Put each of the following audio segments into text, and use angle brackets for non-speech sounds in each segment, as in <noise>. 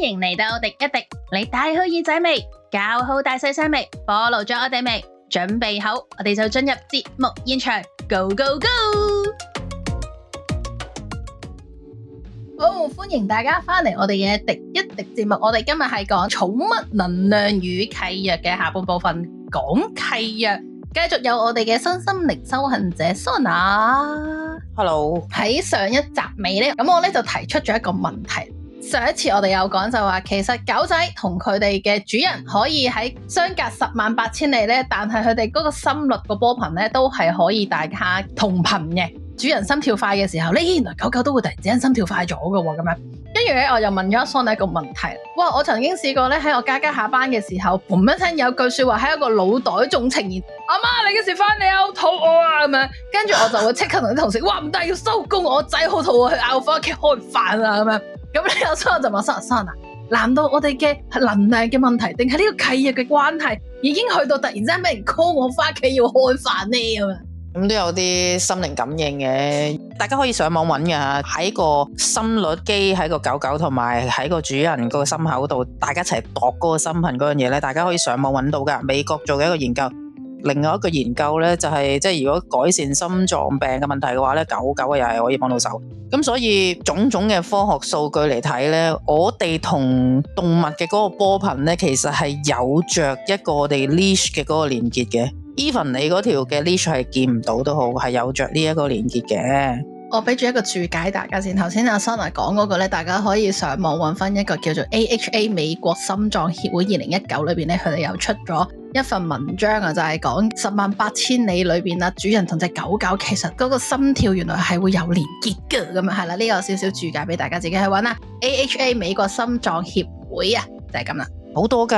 歡迎嚟到迪一迪，你帶好耳仔未？搞好大細聲未？暴露咗我哋未？準備好，我哋就進入節目現場，Go Go Go！好，歡迎大家翻嚟我哋嘅迪一迪節目。我哋今日係講寵物能量與契約嘅下半部分，講契約。繼續有我哋嘅身心靈修行者 Sona，Hello。喺 Hello 上一集尾呢，咁我咧就提出咗一個問題。上一次我哋有講就話，其實狗仔同佢哋嘅主人可以喺相隔十萬八千里咧，但係佢哋嗰個心率個波頻咧都係可以大家同頻嘅。主人心跳快嘅時候，你原來狗狗都會突然之間心跳快咗噶咁樣。跟住咧，我又問咗 Sona 一個問題，哇！我曾經試過咧喺我家家下班嘅時候，嘣一聲有句說話喺一個腦袋中呈現，阿媽 <laughs> 你幾時翻嚟啊？好肚餓啊咁樣。跟住我就會即刻同啲同事， <laughs> 哇！唔得，要收工，我仔好肚餓，去咬翻屋企開飯啊咁樣。咁咧， <laughs> 你我初就問 Sona Sona 啊，an ana, 難道我哋嘅能量嘅問題，定係呢個契約嘅關係，已經去到突然之間俾人 call 我翻屋企要開飯呢咁啊？咁都有啲心靈感應嘅，大家可以上網揾噶，喺個心率機喺個狗狗同埋喺個主人個心口度，大家一齊度嗰個心頻嗰樣嘢咧，大家可以上網揾到噶，美國做嘅一個研究。另外一個研究呢，就係、是、即係如果改善心臟病嘅問題嘅話咧，狗狗又係可以幫到手。咁所以種種嘅科學數據嚟睇呢，我哋同動物嘅嗰個波頻呢，其實係有着一個我哋 leash 嘅嗰個連結嘅。Even 你嗰條嘅 leash 係見唔到都好，係有着呢一個連結嘅。我俾住一個注解大家先。頭先阿 Sona 講嗰個咧，大家可以上網揾翻一個叫做 AHA 美國心臟協會二零一九裏邊，呢，佢哋又出咗。一份文章啊，就係、是、講十萬八千里裏面啊，主人同隻狗狗其實嗰個心跳原來係會有連結噶，咁樣係啦，呢、這個少少注解俾大家自己去搵啦。AHA 美國心臟協會啊，就係咁啦，好多噶，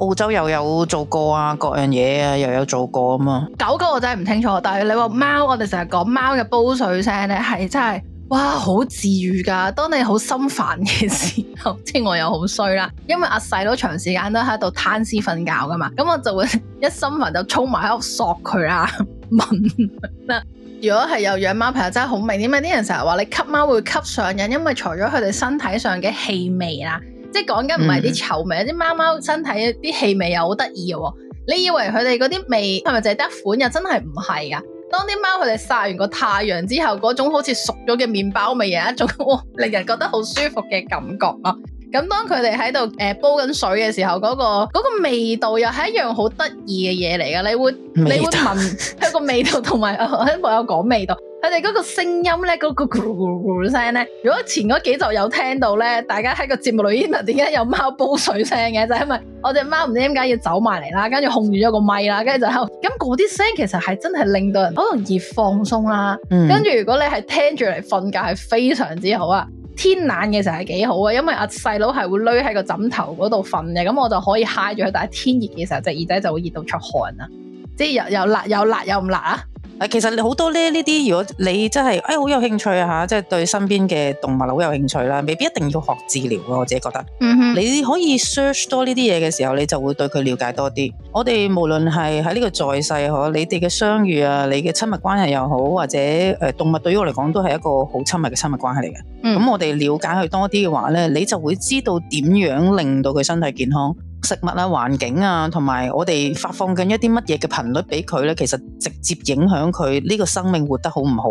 澳洲又有做過啊，各樣嘢啊，又有做過啊嘛。狗狗我真係唔清楚，但係你話貓，我哋成日講貓嘅煲水聲呢，係真係。哇，好治愈，噶！當你好心煩嘅時候，即係 <laughs> 我又好衰啦，因為阿細佬長時間都喺度攤屍瞓覺噶嘛，咁我就會一心煩就衝埋喺度索佢啦，問啦 <laughs> 如果係有養貓朋友真係好明點解啲人成日話你吸貓會吸上癮，因為除咗佢哋身體上嘅氣味啦，即係講緊唔係啲臭味，啲貓貓身體啲氣味又好得意嘅，你以為佢哋嗰啲味係咪就係得款啊？真係唔係啊！當啲貓佢哋曬完個太陽之後，嗰種好似熟咗嘅麵包味，咪有一種令人覺得好舒服嘅感覺咯、啊。咁當佢哋喺度誒煲緊水嘅時候，嗰、那個嗰、那個味道又係一樣好得意嘅嘢嚟噶。你會你會聞佢個味道同埋喺網友講味道。佢哋嗰個聲音咧，嗰、那個咕咕咕聲咧，如果前嗰幾集有聽到咧，大家喺個節目裏邊啊，點解有貓煲水聲嘅？就係、是、因為我隻貓唔知點解要走埋嚟啦，跟住控住咗個咪啦，跟住就咁嗰啲聲其實係真係令到人好容易放鬆啦、啊。跟住、嗯、如果你係聽住嚟瞓覺係非常之好啊。天冷嘅時候係幾好啊，因為阿細佬係會匿喺個枕頭嗰度瞓嘅，咁我就可以揩住佢。但係天熱嘅時候隻耳仔就會熱到出汗啊。即係又又辣又辣又唔辣，辣，辣啊？其實你好多咧呢啲，如果你真係誒，好有興趣啊吓，即係對身邊嘅動物好有興趣啦，啊、未必一定要學治療咯。我自己覺得，嗯、哼你可以 search 多呢啲嘢嘅時候，你就會對佢了解多啲。我哋無論係喺呢個在世嗬，你哋嘅相遇啊，你嘅親密關係又好，或者誒動物對於我嚟講都係一個好親密嘅親密關係嚟嘅。咁、嗯、我哋了解佢多啲嘅話咧，你就會知道點樣令到佢身體健康。食物啊、環境啊，同埋我哋發放緊一啲乜嘢嘅頻率俾佢呢？其實直接影響佢呢個生命活得好唔好。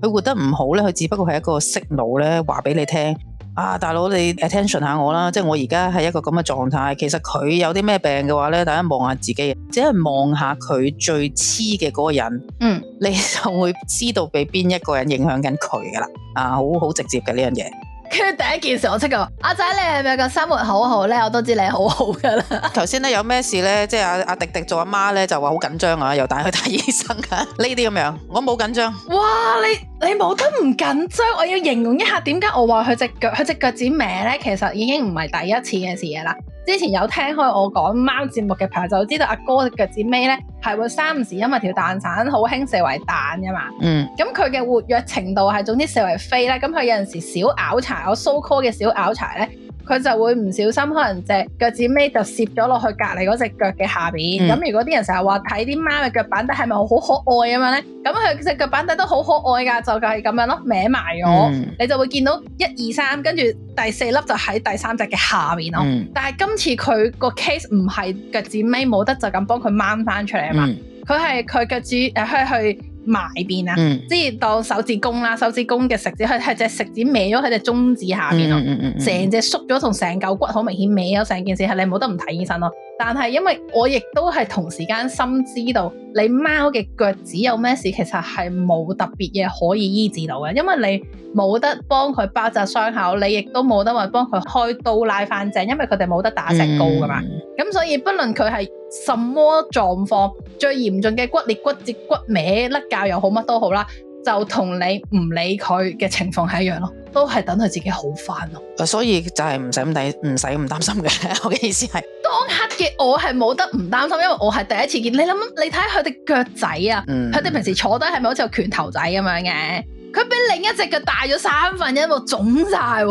佢活得唔好呢，佢只不過係一個訊號呢，話俾你聽啊，大佬你 attention 下我啦，即係我而家係一個咁嘅狀態。其實佢有啲咩病嘅話呢，大家望下自己，只係望下佢最黐嘅嗰個人，嗯，你就會知道俾邊一個人影響緊佢㗎喇。啊，好好直接嘅呢樣嘢。跟住第一件事我，我即刻話：阿仔，你係咪個生活好好咧？我都知你好好噶啦。頭先咧有咩事咧？即係阿阿迪迪做阿媽咧，就話好緊張啊，又帶去睇醫生噶啊。呢啲咁樣，我冇緊張。哇！你你冇得唔緊張？我要形容一下點解我話佢隻腳，佢隻腳趾歪咧，其實已經唔係第一次嘅事啦。之前有聽開我講貓節目嘅朋友，就知道阿哥嘅腳趾尾咧係會三時，因為條蛋散好興四圍彈嘅嘛。嗯，咁佢嘅活躍程度係總之四圍飛咧，咁佢有陣時少拗柴，我 so call 嘅少拗柴咧。佢就會唔小心可能隻腳趾尾就攝咗落去隔離嗰隻腳嘅下邊。咁、嗯、如果啲人成日話睇啲貓嘅腳板底係咪好可愛咁樣咧？咁佢隻腳板底都好可愛㗎，就係、是、咁樣咯，歪埋咗。嗯、你就會見到一二三，跟住第四粒就喺第三隻嘅下面咯。嗯、但係今次佢個 case 唔係腳趾尾冇得就咁幫佢掹返出嚟啊嘛，佢係佢腳趾誒去去。啊他埋邊啊，即係、嗯、當手指公啦，手指公嘅食指，佢係隻食指歪咗喺隻中指下邊咯，啊，成隻縮咗同成嚿骨好明顯歪咗，成件事係你冇得唔睇醫生咯，啊。但係因為我亦都係同時間深知道，你貓嘅腳趾有咩事，其實係冇特別嘢可以醫治到嘅，因為你冇得幫佢包紮傷口，你亦都冇得話幫佢開刀拉翻正，因為佢哋冇得打石膏噶嘛。咁、嗯、所以不論佢係什麼狀況，最嚴重嘅骨裂骨骨、骨折、骨尾甩骹又好，乜都好啦，就同你唔理佢嘅情況係一樣咯，都係等佢自己好返咯。所以就係唔使咁第，唔使唔擔心嘅。我嘅意思係，當刻嘅我係冇得唔擔心，因為我係第一次見。你諗，你睇佢哋腳仔啊，佢哋，嗯嗯，平時坐低係咪好似有拳頭仔咁樣嘅？佢比另一隻腳大咗三分一，冇腫晒。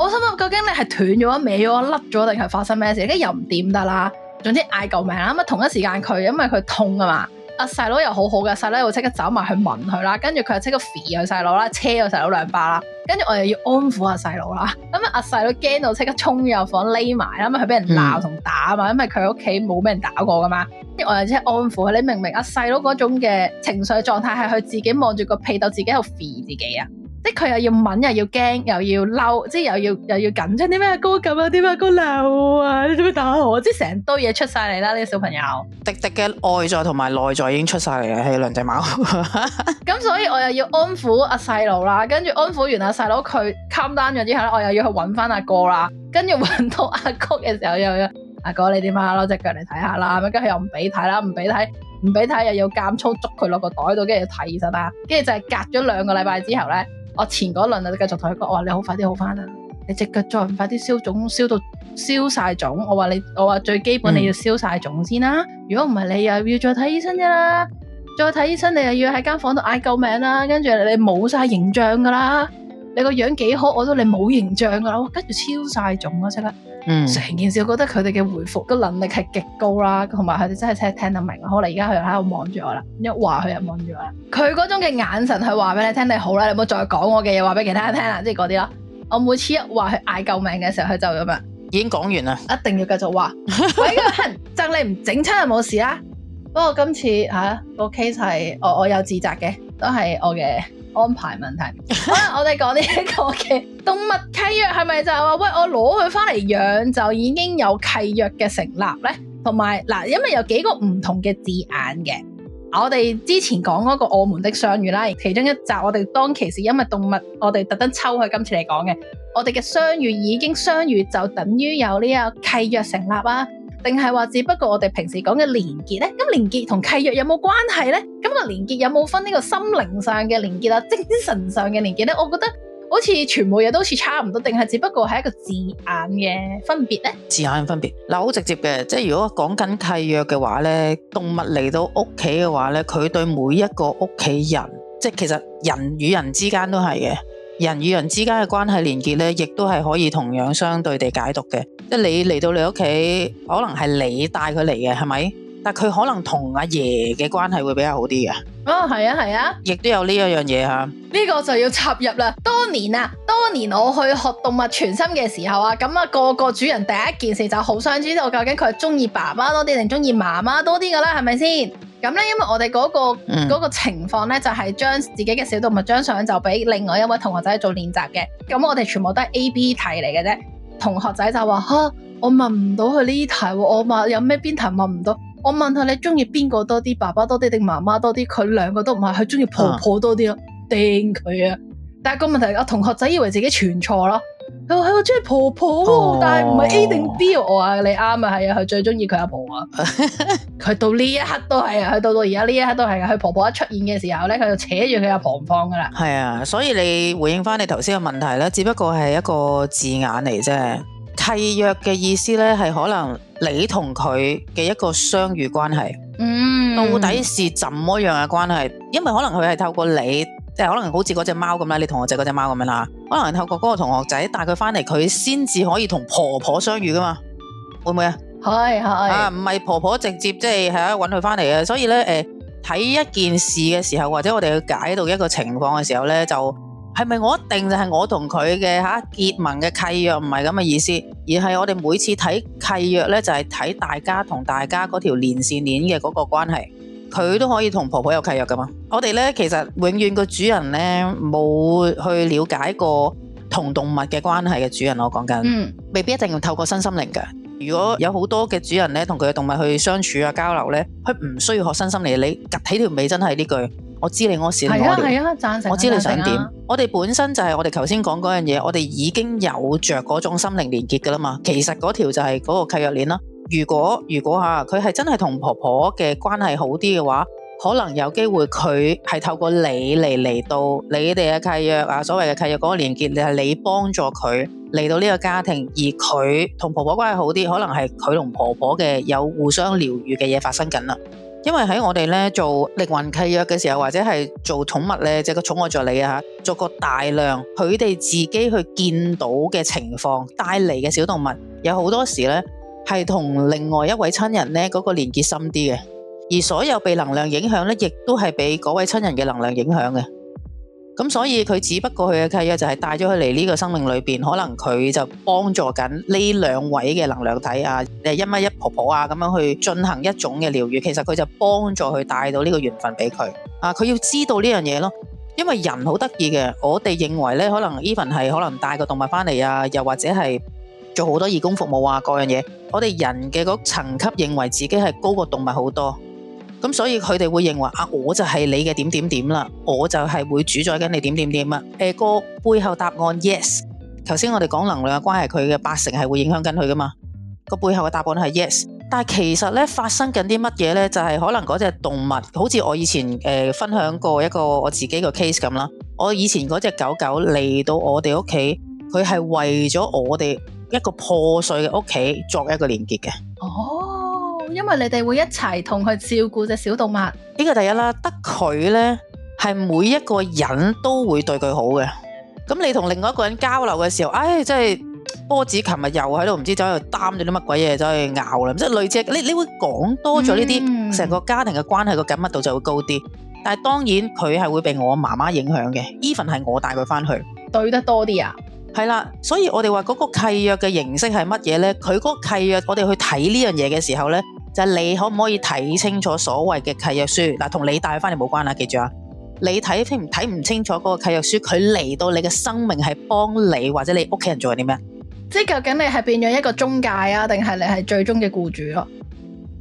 我心諗究竟你係斷咗啊，歪甩咗，定係發生咩事？而家又唔掂得啦。總之嗌救命啦，咁啊同一時間佢，因為佢痛啊嘛，阿細佬又好好嘅，細佬又即刻走埋去問佢啦，跟住佢又即刻肥阿細佬啦，車阿細佬兩巴啦，跟住我又要安撫阿細佬啦，咁啊阿細佬驚到即刻衝入房匿埋，咁啊佢俾人鬧同打啊嘛，因為佢屋企冇俾人打過噶嘛，我又即刻安撫佢，你明唔明阿細佬嗰種嘅情緒狀態係佢自己望住個屁竇自己喺度肥自己啊？即係佢又要敏又要驚又要嬲，即係又要又要緊張，啲咩阿哥咁啊，啲咩阿哥鬧啊，你做咩打我？即係成堆嘢出晒嚟啦，呢個小朋友。迪迪嘅外在同埋內在已經出晒嚟啦，係兩隻貓。咁 <laughs> 所以我又要安撫阿細佬啦，跟住安撫完阿細佬佢 calm 咗之後咧，我又要去揾翻阿哥啦，跟住揾到阿哥嘅時候，又阿哥，哥你點啊？攞隻腳嚟睇下啦，咁跟住又唔俾睇啦，唔俾睇，唔俾睇，又要夾粗捉佢落個袋度，跟住睇醫生啦，跟住就係隔咗兩個禮拜之後咧。我前嗰輪你繼續同佢講，我話你好快啲好翻啦，你隻腳再唔快啲消腫，消到消晒腫，我話你，我話最基本你要消晒腫先啦。如果唔係你又要再睇醫生噶啦，再睇醫生你又要喺間房度嗌救命啦，跟住你冇晒形象噶啦，你個樣幾好，我都你冇形象噶啦，我跟住超曬腫嗰陣。成、嗯、件事，我覺得佢哋嘅回覆嘅能力係極高啦，同埋佢哋真係真係聽得明。好啦，而家佢喺度望住我啦，一話佢又望住我啦。佢嗰種嘅眼神，係話俾你聽，你好啦，你唔好再講我嘅嘢話俾其他人聽啦，即係嗰啲咯。我每次一話佢嗌救命嘅時候，佢就咁樣。已經講完啦，一定要繼續話。喂，憎你唔整親就冇事啦。不過今次嚇、啊、個 case 係我我有自責嘅，都係我嘅。安排問題， <laughs> 好，我哋講呢、這、一個嘅動物契約係咪就係、是、話喂我攞佢翻嚟養就已經有契約嘅成立咧？同埋嗱，因為有幾個唔同嘅字眼嘅，我哋之前講嗰、那個我們的相遇啦，其中一集我哋當其時因為動物，我哋特登抽佢今次嚟講嘅，我哋嘅相遇已經相遇 <laughs> 就等於有呢個契約成立啊。定係話只不過我哋平時講嘅連結咧，咁連結同契約有冇關係咧？咁啊連結有冇分呢個心靈上嘅連結啊，精神上嘅連結咧？我覺得好似全部嘢，都好似差唔多，定係只不過係一個字眼嘅分別咧？字眼嘅分別嗱，好直接嘅，即係如果講緊契約嘅話咧，動物嚟,到屋企嘅話咧，佢對每一個屋企人，即係其實人與人之間都係嘅。人與人之間嘅關係連結咧，亦都係可以同樣相對地解讀嘅。即係你嚟到你屋企，可能係你帶佢嚟嘅，係咪？但佢可能同阿爺嘅關係會比較好啲嘅。哦，係啊，係啊，亦都有呢一樣嘢吓、啊，呢個就要插入啦。當年啊，當年我去學動物傳心嘅時候啊，咁、那、啊個個主人第一件事就好想知道究竟佢中意爸爸多啲定中意媽媽多啲噶啦，係咪先？咁咧，因為我哋嗰、那個、嗯、個情況咧，就係、是、將自己嘅小動物張相就俾另外一位同學仔做練習嘅。咁我哋全部都係 A、B 題嚟嘅啫，同學仔就話呵。啊我問唔到佢呢題，我問有咩邊題問唔到？我問佢你中意邊個多啲，爸爸多啲定媽媽多啲？佢兩個都唔係，佢中意婆婆多啲咯，啊、定佢啊！但係個問題，我同學仔以為自己全錯咯，佢話佢中意婆婆，哦、但係唔係 A 定 B 我啊，你啱咪係啊？佢最中意佢阿婆啊，佢 <laughs> 到呢一刻都係，佢到到而家呢一刻都係，佢婆婆一出現嘅時候咧，佢就扯住佢阿婆唔放噶啦。係啊，所以你回應翻你頭先嘅問題啦，只不過係一個字眼嚟啫。契約嘅意思呢，係可能你同佢嘅一個相遇關係，嗯、到底是怎麼樣嘅關係？因為可能佢係透過你，即係可能好似嗰隻貓咁啦，你同學仔嗰隻貓咁樣啦，可能透過嗰個同學仔帶佢翻嚟，佢先至可以同婆婆相遇㗎嘛？會唔會係係啊？係係啊，唔係婆婆直接即係係揾佢翻嚟嘅。所以呢，誒、呃，睇一件事嘅時候，或者我哋去解到一個情況嘅時候呢，就。係咪我一定就係我同佢嘅，吓結盟嘅契約？唔係咁嘅意思，而係我哋每次睇契約咧，就係睇大家同大家嗰條連線鏈嘅嗰個關係。佢都可以同婆婆有契約噶嘛？我哋咧其實永遠個主人咧冇去了解過同動物嘅關係嘅主人，我講緊，嗯，未必一定要透過身心靈嘅。如果有好多嘅主人咧同佢嘅動物去相處啊交流咧，佢唔需要學身心靈。你夾起條尾真係呢句。我知你我想，我哋、啊、我知你想點。贊成。我哋本身就係我哋頭先講嗰樣嘢，我哋已經有着嗰種心靈連結噶啦嘛。其實嗰條就係嗰個契約鏈啦。如果如果吓佢係真係同婆婆嘅關係好啲嘅話，可能有機會佢係透過你嚟，嚟到你哋嘅契約啊，所謂嘅契約嗰個連結，係、就係、你幫助佢嚟到呢個家庭，而佢同婆婆關係好啲，可能係佢同婆婆嘅有互相療癒嘅嘢發生緊啦。因為喺我哋做靈魂契約嘅時候，或者係做寵物咧，即係個寵愛助理，做過大量佢哋自己去見到嘅情況，帶嚟嘅小動物，有好多時咧係同另外一位親人咧嗰個連結深啲嘅，而所有被能量影響呢，亦都係俾嗰位親人嘅能量影響嘅。咁、嗯、所以佢只不過佢嘅契約就係帶咗佢嚟呢個生命裏邊，可能佢就幫助緊呢兩位嘅能量體啊，誒一媽一婆婆啊，咁樣去進行一種嘅療愈，其實佢就幫助佢帶到呢個緣分俾佢啊！佢要知道呢樣嘢咯，因為人好得意嘅，我哋認為呢，可能 even 係可能帶個動物翻嚟啊，又或者係做好多義工服務啊，各樣嘢，我哋人嘅嗰層級認為自己係高過動物好多。咁、嗯、所以佢哋會認為啊，我就係你嘅點點點啦，我就係會主宰緊你點點點啦。誒、呃、個背後答案 yes，頭先我哋講能量嘅關係，佢嘅八成係會影響緊佢噶嘛。個背後嘅答案係 yes，但係其實咧發生緊啲乜嘢咧，就係、是、可能嗰隻動物，好似我以前誒、呃、分享過一個我自己個 case 咁啦。我以前嗰隻狗狗嚟到我哋屋企，佢係為咗我哋一個破碎嘅屋企作一個連結嘅。哦。因為你哋會一齊同佢照顧隻小動物，呢個第一啦，得佢呢係每一個人都會對佢好嘅。咁你同另外一個人交流嘅時候，唉，真係波子琴日又喺度唔知走喺度擔住啲乜鬼嘢走去咬啦，即係類似，你你會講多咗呢啲，成個家庭嘅關係個緊密度就會高啲。但係當然佢係會俾我媽媽影響嘅，even 係我帶佢翻去，對得多啲啊，係啦。所以我哋話嗰個契約嘅形式係乜嘢呢？佢嗰個契約，我哋去睇呢樣嘢嘅時候呢。就你可唔可以睇清楚所謂嘅契約書？嗱，同你帶佢翻嚟冇關啦，記住啊！你睇清唔睇唔清楚嗰個契約書，佢嚟到你嘅生命係幫你或者你屋企人做緊啲咩？即係究竟你係變咗一個中介啊，定係你係最終嘅僱主咯、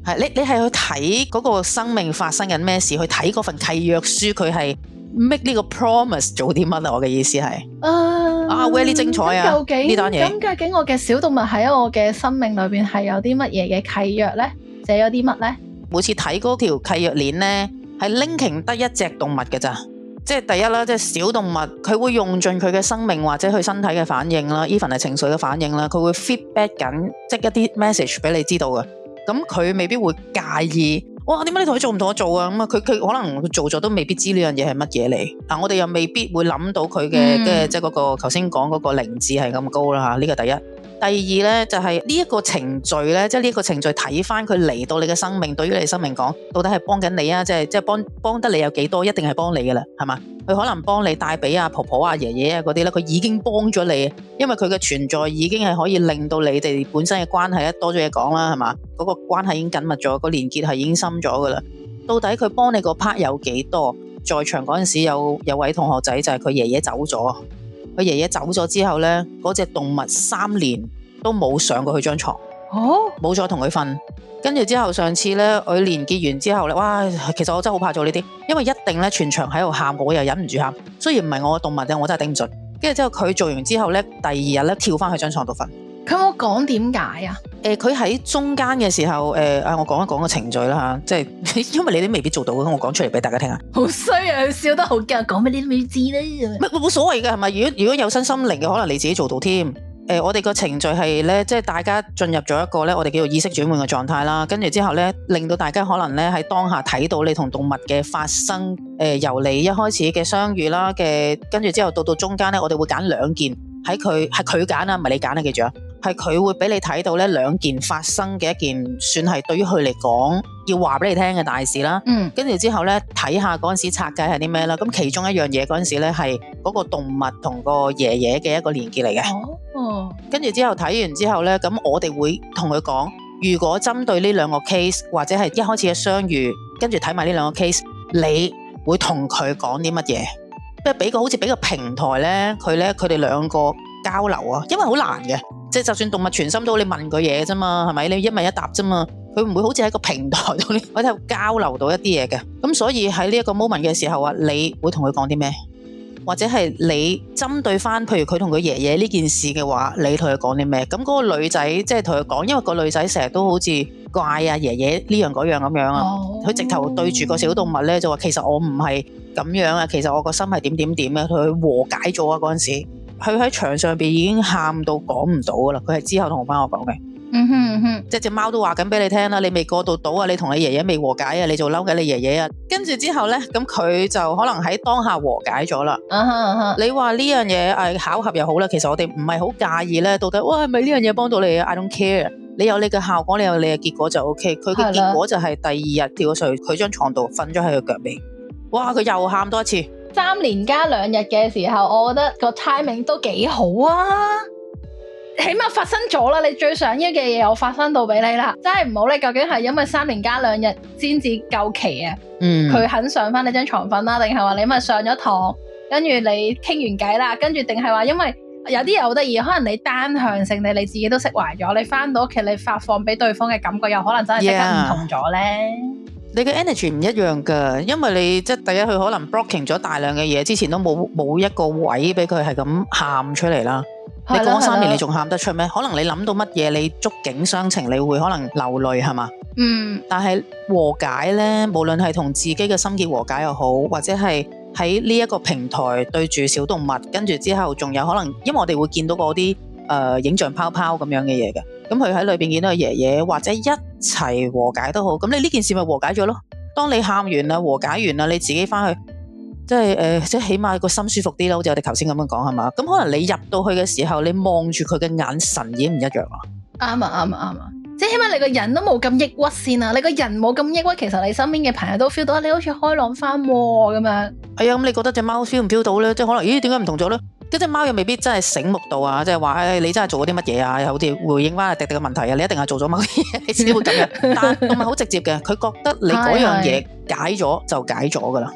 啊？係你你係去睇嗰個生命發生緊咩事？去睇嗰份契約書，佢係 make 呢個 promise 做啲乜啊？我嘅意思係、um, 啊，啊，好精彩啊！究竟咁究竟我嘅小動物喺我嘅生命裏邊係有啲乜嘢嘅契約呢？寫咗啲乜咧？每次睇嗰條契約鏈咧，係 linking 得一隻動物嘅咋，即係第一啦，即係小動物，佢會用盡佢嘅生命或者佢身體嘅反應啦，even 係情緒嘅反應啦，佢會 feedback 緊，即係一啲 message 俾你知道嘅。咁佢未必會介意，哇！點解你同佢做唔同我做啊？咁啊，佢佢可能做咗都未必知呢樣嘢係乜嘢嚟。嗱、啊，我哋又未必會諗到佢嘅，嗯、即係即係嗰個頭先講嗰個靈智係咁高啦嚇。啊，呢個第一。第二呢，就係呢一個程序呢。即係呢一個程序睇翻佢嚟到你嘅生命，對於你生命講，到底係幫緊你啊？即係即係幫幫得你有幾多，一定係幫你噶啦，係嘛？佢可能幫你帶俾阿婆婆啊、爺爺啊嗰啲呢，佢已經幫咗你，因為佢嘅存在已經係可以令到你哋本身嘅關係一多咗嘢講啦，係嘛？嗰個關係已經緊密咗，個連結係已經深咗噶啦。到底佢幫你個 part 有幾多？在場嗰陣時有有位同學仔就係佢爺爺走咗。佢爺爺走咗之後咧，嗰隻動物三年都冇上過佢張床，冇、哦、再同佢瞓。跟住之後上次呢，佢連結完之後咧，哇！其實我真係好怕做呢啲，因為一定咧全場喺度喊，我又忍唔住喊。雖然唔係我嘅動物啊，我真係頂唔順。跟住之後佢做完之後呢，第二日咧跳返去張床度瞓。佢有冇講點解啊？誒，佢喺中間嘅時候，誒啊，我講一講個程序啦吓，即係因為你啲未必做到，咁我講出嚟俾大家聽啊。好衰啊！笑得好勁，講俾你都未知咧，冇所謂噶係咪？如果如果有身心靈嘅，可能你自己做到添。誒，我哋個程序係咧，即係大家進入咗一個咧，我哋叫做意識轉換嘅狀態啦。跟住之後咧，令到大家可能咧喺當下睇到你同動物嘅發生誒，由你一開始嘅相遇啦嘅，跟住之後到到中間咧，我哋會揀兩件喺佢係佢揀啦，唔係你揀啦，記住啊。係佢會俾你睇到呢兩件發生嘅一件，算係對於佢嚟講要話俾你聽嘅大事啦。嗯，跟住之後呢，睇下嗰陣時拆解係啲咩啦。咁其中一樣嘢嗰陣時呢係嗰個動物同個爺爺嘅一個連結嚟嘅哦。嗯、跟住之後睇完之後呢，咁我哋會同佢講，如果針對呢兩個 case 或者係一開始嘅相遇，跟住睇埋呢兩個 case，你會同佢講啲乜嘢？即係俾個好似俾個平台呢，佢呢，佢哋兩個交流啊，因為好難嘅。即係就算動物傳心都好，你問佢嘢啫嘛，係咪？你一問一答啫嘛，佢唔會好似喺個平台度喺度交流到一啲嘢嘅。咁所以喺呢一個 moment 嘅時候啊，你會同佢講啲咩？或者係你針對翻，譬如佢同佢爺爺呢件事嘅話，你同佢講啲咩？咁嗰個女仔即係同佢講，因為個女仔成日都好似怪啊爺爺呢樣嗰樣咁樣啊。佢、oh. 直頭對住個小動物咧，就話其實我唔係咁樣啊，其實我個心係點點點啊。」同佢和解咗啊嗰陣時。佢喺牆上邊已經喊到講唔到噶啦，佢係之後同翻我講嘅。嗯哼哼，即係隻貓都話緊俾你聽啦，你未過渡到啊，你同你爺爺未和解啊，你就嬲緊你爺爺啊。跟住之後咧，咁佢就可能喺當下和解咗啦。啊啊、你話呢樣嘢誒巧合又好啦，其實我哋唔係好介意咧，到底哇係咪呢樣嘢幫到你啊？I don't care。你有你嘅效果，你有你嘅結果就 O、OK、K。佢嘅結果就係第二日跳咗上佢張床度，瞓咗喺佢腳邊。哇，佢又喊多一次。三年加兩日嘅時候，我覺得個 timing 都幾好啊，起碼發生咗啦。你最想要嘅嘢，我發生到俾你啦。真係唔好，你究竟係因為三年加兩日先至夠期啊？嗯，佢肯上翻你張床瞓啦，啊，定係話你咪上咗堂，跟住你傾完偈啦，啊，跟住定係話因為有啲嘢好得意，可能你單向性你你自己都釋懷咗，你翻到屋企你發放俾對方嘅感覺，又可能真係即刻唔同咗咧。Yeah. 你嘅 energy 唔一樣㗎，因為你即係第一，佢可能 blocking 咗大量嘅嘢，之前都冇冇一個位俾佢係咁喊出嚟啦。的你過三年的你仲喊得出咩？可能你諗到乜嘢，你觸景傷情，你會可能流淚係嘛？嗯。但係和解咧，無論係同自己嘅心結和解又好，或者係喺呢一個平台對住小動物，跟住之後仲有可能，因為我哋會見到嗰啲誒影像泡泡咁樣嘅嘢嘅。咁佢喺裏邊見到個爺爺或者一齊和解都好，咁你呢件事咪和解咗咯？當你喊完啦，和解完啦，你自己翻去，即係誒、呃，即係起碼個心舒服啲咯。好似我哋頭先咁樣講係嘛？咁可能你入到去嘅時候，你望住佢嘅眼神已經唔一樣啦。啱啊啱啊啱啊，啊！即係起碼你個人都冇咁抑鬱先啊！你個人冇咁抑鬱，其實你身邊嘅朋友都 feel 到，你好似開朗翻咁樣。係啊、哎，咁你覺得隻貓 feel 唔 feel 到咧？即係可能，咦，點解唔同咗咧？嗰隻貓又未必真係醒目到啊！即係話，誒、哎、你真係做咗啲乜嘢啊？又好似回應翻迪迪嘅問題啊！你一定係做咗某啲嘢，你先會咁樣嘅。但係我唔好直接嘅，佢覺得你嗰樣嘢解咗 <laughs> 就解咗㗎啦。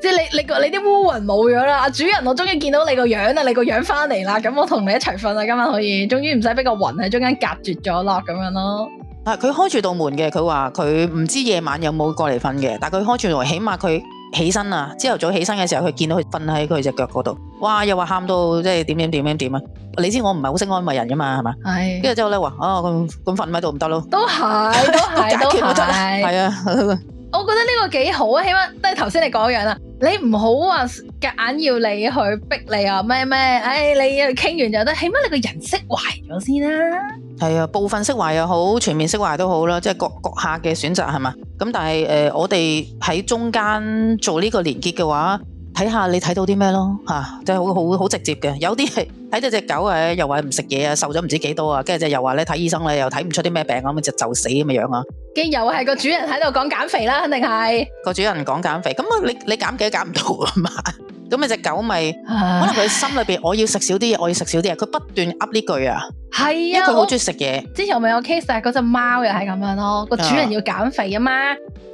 即係你你你啲烏雲冇咗啦！主人，我終於見到你個樣啦！你個樣翻嚟啦！咁我同你一齊瞓啦，今晚可以，終於唔使俾個雲喺中間隔絕咗落咁樣咯。啊！佢開住道門嘅，佢話佢唔知夜晚有冇過嚟瞓嘅，但係佢開住道門，起碼佢。起身啊！朝頭早起身嘅時候，佢見到佢瞓喺佢隻腳嗰度，哇！又話喊到即係點點點點點啊！你知我唔係好識安慰人噶嘛，係嘛唉？係。跟住之後咧，話哦咁咁瞓喺度唔得咯。都係， <laughs> 都係是，都係。啊！ <laughs> 我覺得呢個幾好啊，起碼都係頭先你講嘢啦，你唔好話夾硬要你去逼你啊咩咩，唉、哎，你傾完就得，起碼你個人釋懷咗先啦、啊。係啊，部分釋懷又好，全面釋懷都好啦，即係各各下嘅選擇係嘛？咁但係誒、呃，我哋喺中間做呢個連結嘅話，睇下你睇到啲咩咯嚇，即係好好好直接嘅。有啲係睇到隻狗誒，又話唔食嘢啊，瘦咗唔知幾多啊，跟住就又話你睇醫生啦，又睇唔出啲咩病啊，咪就就死咁嘅樣啊！嘅又係個主人喺度講減肥啦，肯定係個主人講減肥，咁啊你你減幾都減唔到啊嘛～ <laughs> 咁你隻狗咪，唉可能佢心裏邊我要食少啲嘢，我要食少啲嘢，佢不斷噏呢句啊，係啊，因為佢好中意食嘢。之前咪有 case 係嗰隻貓又係咁樣咯，個主人要減肥啊嘛，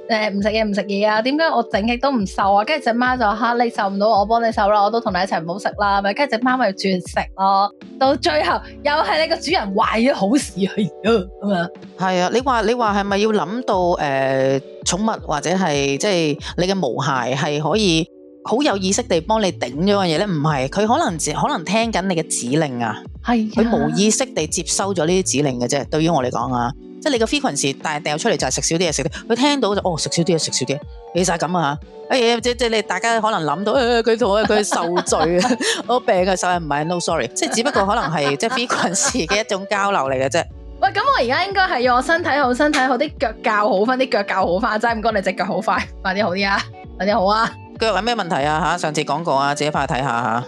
誒唔食嘢唔食嘢啊，點解、呃啊、我整極都唔瘦啊？跟住隻貓就吓、啊、你瘦唔到，我幫你瘦啦，我都同你一齊唔好食啦，咪跟住隻貓咪轉食咯。到最後又係你個主人壞咗好事去咁樣，係啊,啊，你話你話係咪要諗到誒，寵、呃、物或者係即係你嘅毛孩係可以？好有意識地幫你頂咗嘅嘢咧，唔係佢可能可能聽緊你嘅指令啊，係佢冇意識地接收咗呢啲指令嘅啫。對於我嚟講啊，即係你嘅 frequency，但係掉出嚟就係食少啲嘢食啲。佢聽到就哦食少啲嘢，食少啲。你晒咁啊，哎呀，即即係你大家可能諗到誒佢同佢受罪啊， <laughs> <laughs> 我病啊受人唔係 no sorry，即係只不過可能係即係 frequency 嘅一種交流嚟嘅啫。喂，咁、嗯嗯、我而家應該係要我身體好，身體好啲腳教好翻，啲腳教好翻，齋唔該你隻腳好快，快啲好啲啊，快啲好啊！腳有咩問題啊？吓，上次講過啊，自己拍去下睇下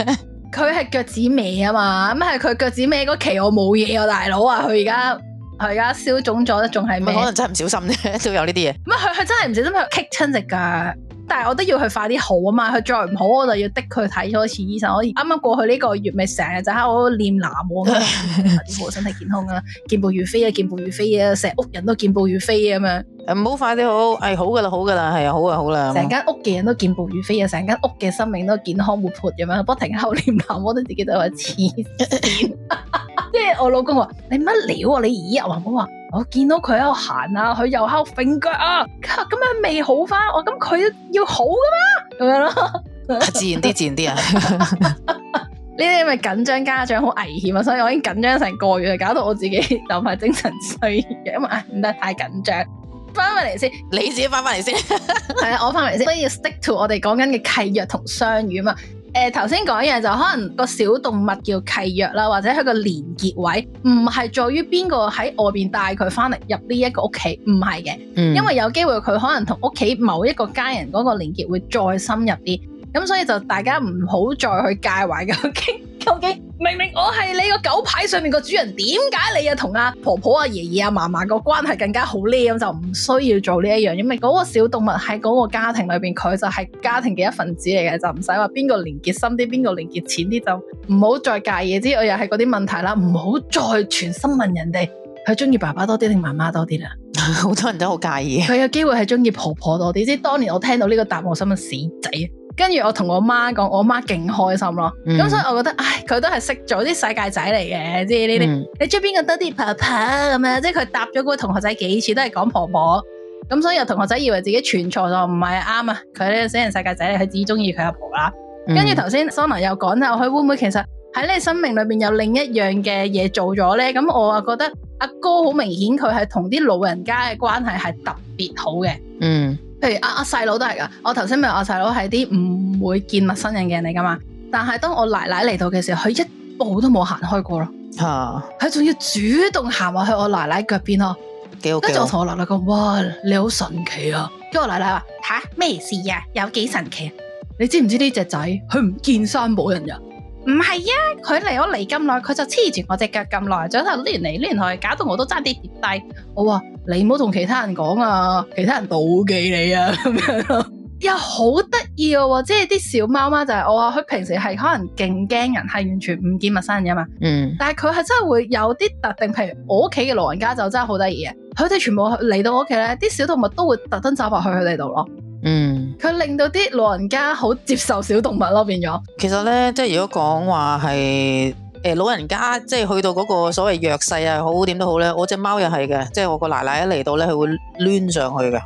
吓。佢係腳趾尾啊嘛，咁係佢腳趾尾嗰期我冇嘢啊，大佬啊，佢而家佢而家消腫咗，仲係咩？可能真係唔小心啫，少有呢啲嘢。唔係，佢佢真係唔小心，佢 <laughs> 這踢親隻腳。但係我都要佢快啲好啊嘛，佢再唔好我就要逼佢睇多次醫生。我啱啱過去呢個月咪成日就喺我念南無，我身 <laughs> 體健康啊，健步如飛啊，健步如飛啊，成屋人都健步如飛咁樣。唔好快啲好，誒，好噶啦，好噶啦，係啊，好啊，好啦，成間屋嘅人都健步如飛啊，成間、嗯哎、屋嘅、啊、生命都健康活潑咁樣，不停修念南無都自己都有一次。即係 <music> 我老公話，你乜料啊？你姨日話我話我見到佢喺度行啊，佢又喺度揈腳啊，咁樣未好翻，我咁佢都要好噶嘛？咁樣咯 <laughs> 自，自然啲，自然啲啊！呢啲咪緊張家長好危險啊！所以我已經緊張成個月，搞到我自己就快精神衰嘅，因為唔得太緊張。翻翻嚟先，你自己翻翻嚟先，係啊， <laughs> 我翻嚟先，所以要 stick to 我哋講緊嘅契約同相遇啊嘛。誒頭先講嘢就可能個小動物叫契約啦，或者佢個連結位，唔係在於邊個喺外邊帶佢翻嚟入呢一個屋企，唔係嘅，嗯、因為有機會佢可能同屋企某一個家人嗰個連結會再深入啲，咁所以就大家唔好再去介懷噉傾。 <laughs> 究竟、okay。明明我係你個狗牌上面個主人，點解你啊同阿婆婆、阿爺爺、阿嫲嫲個關係更加好呢？咁就唔需要做呢一樣。因為嗰個小動物喺嗰個家庭裏邊，佢就係家庭嘅一份子嚟嘅，就唔使話邊個連結深啲，邊個連結淺啲，就唔好再介意。之外又係嗰啲問題啦，唔好再全心問人哋佢中意爸爸多啲定媽媽多啲啦。好 <laughs> 多人都好介意，佢有機會係中意婆婆多啲。即係當年我聽到呢個答案，我心問死仔我跟住我同我媽講，我媽勁開心咯，咁、嗯、所以我覺得，唉，佢都係識咗啲世界仔嚟嘅、嗯，即係呢啲，你中邊個多啲婆婆咁啊？即係佢搭咗嗰個同學仔幾次都係講婆婆，咁所以有同學仔以為自己傳錯咗，唔係啱啊！佢呢個死人世界仔嚟，佢只中意佢阿婆啦。跟住頭先 Sona 又講啦，佢會唔會其實喺你生命裏邊有另一樣嘅嘢做咗咧？咁我啊覺得阿哥好明顯，佢係同啲老人家嘅關係係特別好嘅。嗯。譬如阿阿細佬都係噶，我頭先咪阿細佬係啲唔會見陌生人嘅人嚟噶嘛，但係當我奶奶嚟到嘅時候，佢一步都冇行開過咯，吓，佢仲要主動行落去我奶奶腳邊咯，幾好，我跟住我同我奶奶講，好，哇，你好神奇啊，跟住我奶奶話吓咩事啊，有幾神奇啊，你知唔知呢隻仔佢唔見生保人噶？唔係啊！佢嚟我嚟咁耐，佢就黐住我隻腳咁耐，再頭攣嚟攣去，搞到我都爭啲跌低。我話你唔好同其他人講啊，其他人妒忌你啊咁樣咯。 <laughs> 又好得意喎，即係啲小貓貓就係、是、我話佢平時係可能勁驚人，係完全唔見陌生人嘅嘛。嗯。但係佢係真係會有啲特定，譬如我屋企嘅老人家就真係好得意嘅，佢哋全部嚟到我屋企咧，啲小動物都會特登走落去佢哋度咯。嗯。佢令到啲老人家好接受小動物咯、啊，變咗。其實咧，即係如果講話係誒，老人家即係去到嗰個所謂弱勢啊，好點都好咧，我隻貓又係嘅，即係我個奶奶一嚟到咧，佢會攣上去嘅。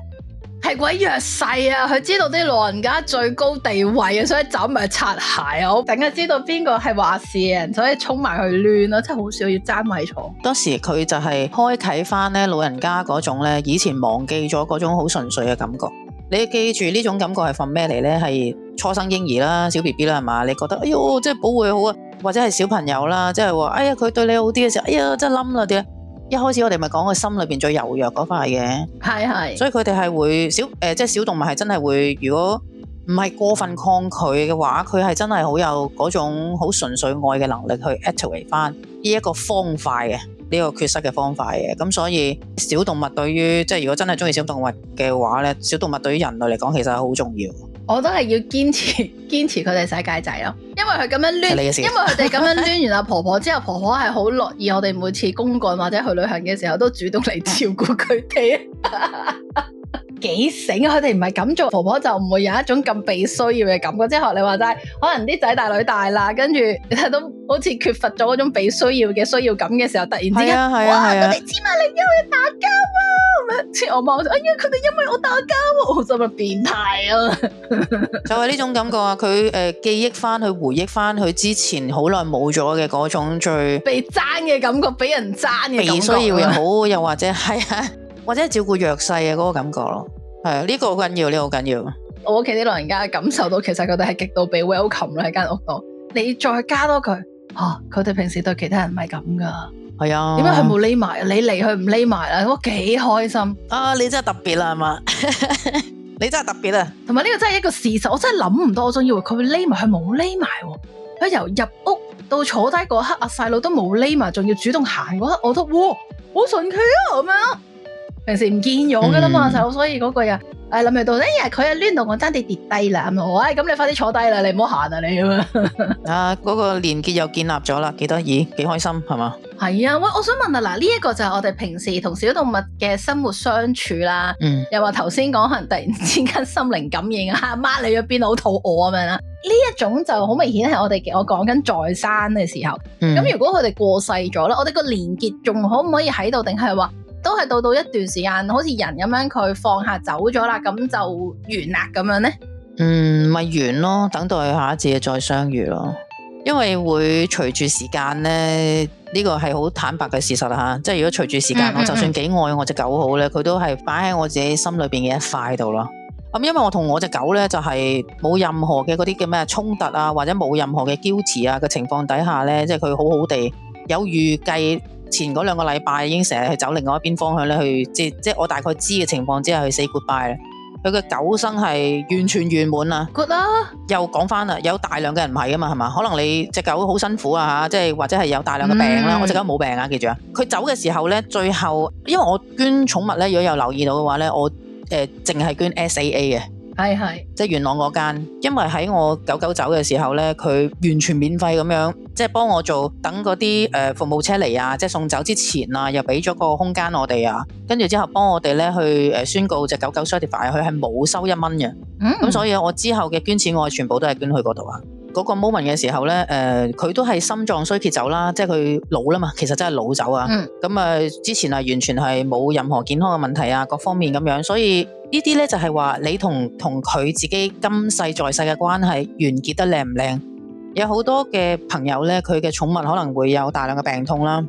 係鬼弱勢啊！佢知道啲老人家最高地位啊，所以走埋擦鞋啊，我梗係知道邊個係話事人，所以衝埋去攣咯、啊，即係好少要爭位坐。當時佢就係開啟翻咧老人家嗰種咧，以前忘記咗嗰種好純粹嘅感覺。你記住呢種感覺係訓咩嚟呢？係初生嬰兒啦、小 B B 啦，係嘛？你覺得哎呦，即係保護好啊！或者係小朋友啦，即係話哎呀，佢對你好啲嘅時候，哎呀，真係冧啦啲。一開始我哋咪講個心裏邊最柔弱嗰塊嘅，係係是，所以佢哋係會小誒，即、呃、係、就是、小動物係真係會，如果唔係過分抗拒嘅話，佢係真係好有嗰種好純粹愛嘅能力去 activate 翻呢一個方塊嘅。呢個缺失嘅方法嘅，咁所以小動物對於即係如果真係鍾意小動物嘅話咧，小動物對於人類嚟講其實係好重要。我都係要堅持堅持佢哋世界仔咯，因為佢咁樣攣，因為佢哋咁樣攣完阿婆婆之後，婆婆係好樂意我哋每次公幹或者去旅行嘅時候都主動嚟照顧佢哋。 <laughs> 幾醒，佢哋唔係咁做，婆婆就唔會有一種咁被需要嘅感覺。即係學你話齋，可能啲仔大女大啦，跟住睇到好似缺乏咗嗰種被需要嘅需要感嘅時候，突然之間，啊啊啊、哇！咁你知麻你又要打交啊？咁樣，我望就哎呀，佢哋因為我打交、啊，我咁咪變態啊！ <laughs> 就係呢種感覺啊！佢誒、呃、記憶翻，佢回憶翻佢之前好耐冇咗嘅嗰種最被爭嘅感覺，俾人爭嘅被需要又好，又 <laughs> 或者係啊。或者照顧弱勢嘅嗰個感覺咯，係啊，呢個好緊要，呢個好緊要。我屋企啲老人家感受到，其實佢哋係極度被 welcomed 喺間屋度。你再加多句，吓佢哋平時對其他人唔係咁噶，係啊呀。點解佢冇匿埋？你嚟，佢唔匿埋啦，我幾開心啊！你真係特別啦，係嘛？ <laughs> 你真係特別啊！同埋呢個真係一個事實，我真係諗唔到，我仲以為佢會匿埋，佢冇匿埋。佢由入屋到坐低嗰刻，阿細佬都冇匿埋，仲要主動行嗰刻，我都，哇，好神奇啊！咁樣。平時唔見，咗嘅啦嘛，就、嗯、所以嗰個人，誒諗住到，呢、哎、日，佢啊攣到我真係跌低啦，咁、哎、你快啲坐低啦，你唔好行啊你咁啊， <laughs> 啊嗰、那個連結又建立咗啦，幾得意，幾開心係嘛？係啊，我我想問啊，嗱呢一個就係我哋平時同小動物嘅生活相處啦，嗯、又話頭先講可能突然之間心靈感應媽媽啊，阿媽你去邊度好肚餓咁樣啦，呢一種就好明顯係我哋我講緊在生嘅時候，咁、嗯、如果佢哋過世咗咧，我哋個連結仲可唔可以喺度，定係話？都係到到一段時間，好似人咁樣，佢放下走咗啦，咁就完啦咁樣呢？嗯，咪完咯，等待下一次再相遇咯。因為會隨住時間呢，呢、呢個係好坦白嘅事實吓。即係如果隨住時間，我、嗯嗯嗯、就算幾愛我隻狗好呢，佢都係擺喺我自己心裏邊嘅一塊度咯。咁、嗯、因為我同我隻狗呢，就係冇任何嘅嗰啲叫咩衝突啊，或者冇任何嘅嬌持啊嘅情況底下呢，即係佢好好地有預計。前嗰兩個禮拜已經成日去走另外一邊方向咧，去即即我大概知嘅情況之下去 say goodbye 啦。佢嘅狗生係完全圓滿啦，good 啦。又講翻啦，有大量嘅人唔係啊嘛，係嘛？可能你隻狗好辛苦啊吓，即係或者係有大量嘅病啦、啊。Mm. 我隻狗冇病啊，記住啊。佢走嘅時候咧，最後因為我捐寵物咧，如果有留意到嘅話咧，我誒淨係捐 SAA 嘅。係係，是是即係元朗嗰間，因為喺我狗狗走嘅時候呢，佢完全免費咁樣，即係幫我做等嗰啲誒服務車嚟啊，即係送走之前啊，又俾咗個空間我哋啊，跟住之後幫我哋呢去誒、呃、宣告隻狗狗 ify, s h e l t i f y 佢係冇收一蚊嘅。咁所以我之後嘅捐錢我全部都係捐去嗰度啊。嗰個 moment 嘅時候咧，誒、呃、佢都係心臟衰竭走啦，即係佢老啦嘛，其實真係老走啊。咁啊、嗯嗯，之前啊完全係冇任何健康嘅問題啊，各方面咁樣，所以呢啲咧就係話你同同佢自己今世在世嘅關係完結得靚唔靚？有好多嘅朋友咧，佢嘅寵物可能會有大量嘅病痛啦，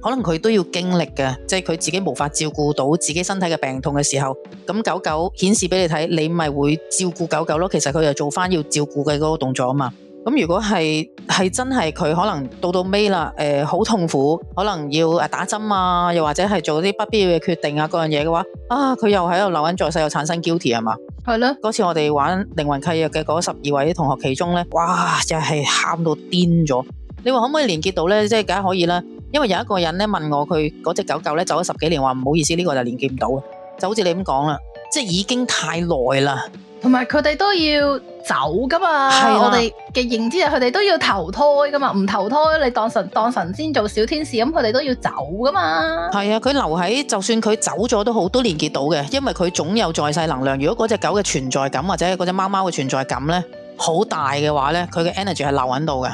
可能佢都要經歷嘅，即係佢自己無法照顧到自己身體嘅病痛嘅時候，咁狗狗顯示俾你睇，你咪會照顧狗狗咯。其實佢又做翻要照顧嘅嗰個動作啊嘛～咁如果係係真係佢可能到到尾啦，誒、呃、好痛苦，可能要誒打針啊，又或者係做啲不必要嘅決定啊，嗰樣嘢嘅話，啊佢又喺度留緊在世，又產生 guilty 係嘛？係囉，嗰次我哋玩靈魂契約嘅嗰十二位同學其中咧，哇，真係喊到癲咗！你話可唔可以連結到咧？即係梗係可以啦，因為有一個人咧問我佢嗰隻狗狗咧走咗十幾年，話唔好意思，呢個就連結唔到嘅，就好似你咁講啦，即係已經太耐啦，同埋佢哋都要。走噶嘛，係、啊、我哋嘅認知啊！佢哋都要投胎噶嘛，唔投胎你當神當神仙做小天使咁，佢哋都要走噶嘛。係啊，佢留喺就算佢走咗都好，都連結到嘅，因為佢總有在世能量。如果嗰隻狗嘅存在感或者嗰隻貓貓嘅存在感咧，好大嘅話咧，佢嘅 energy 係留喺度嘅，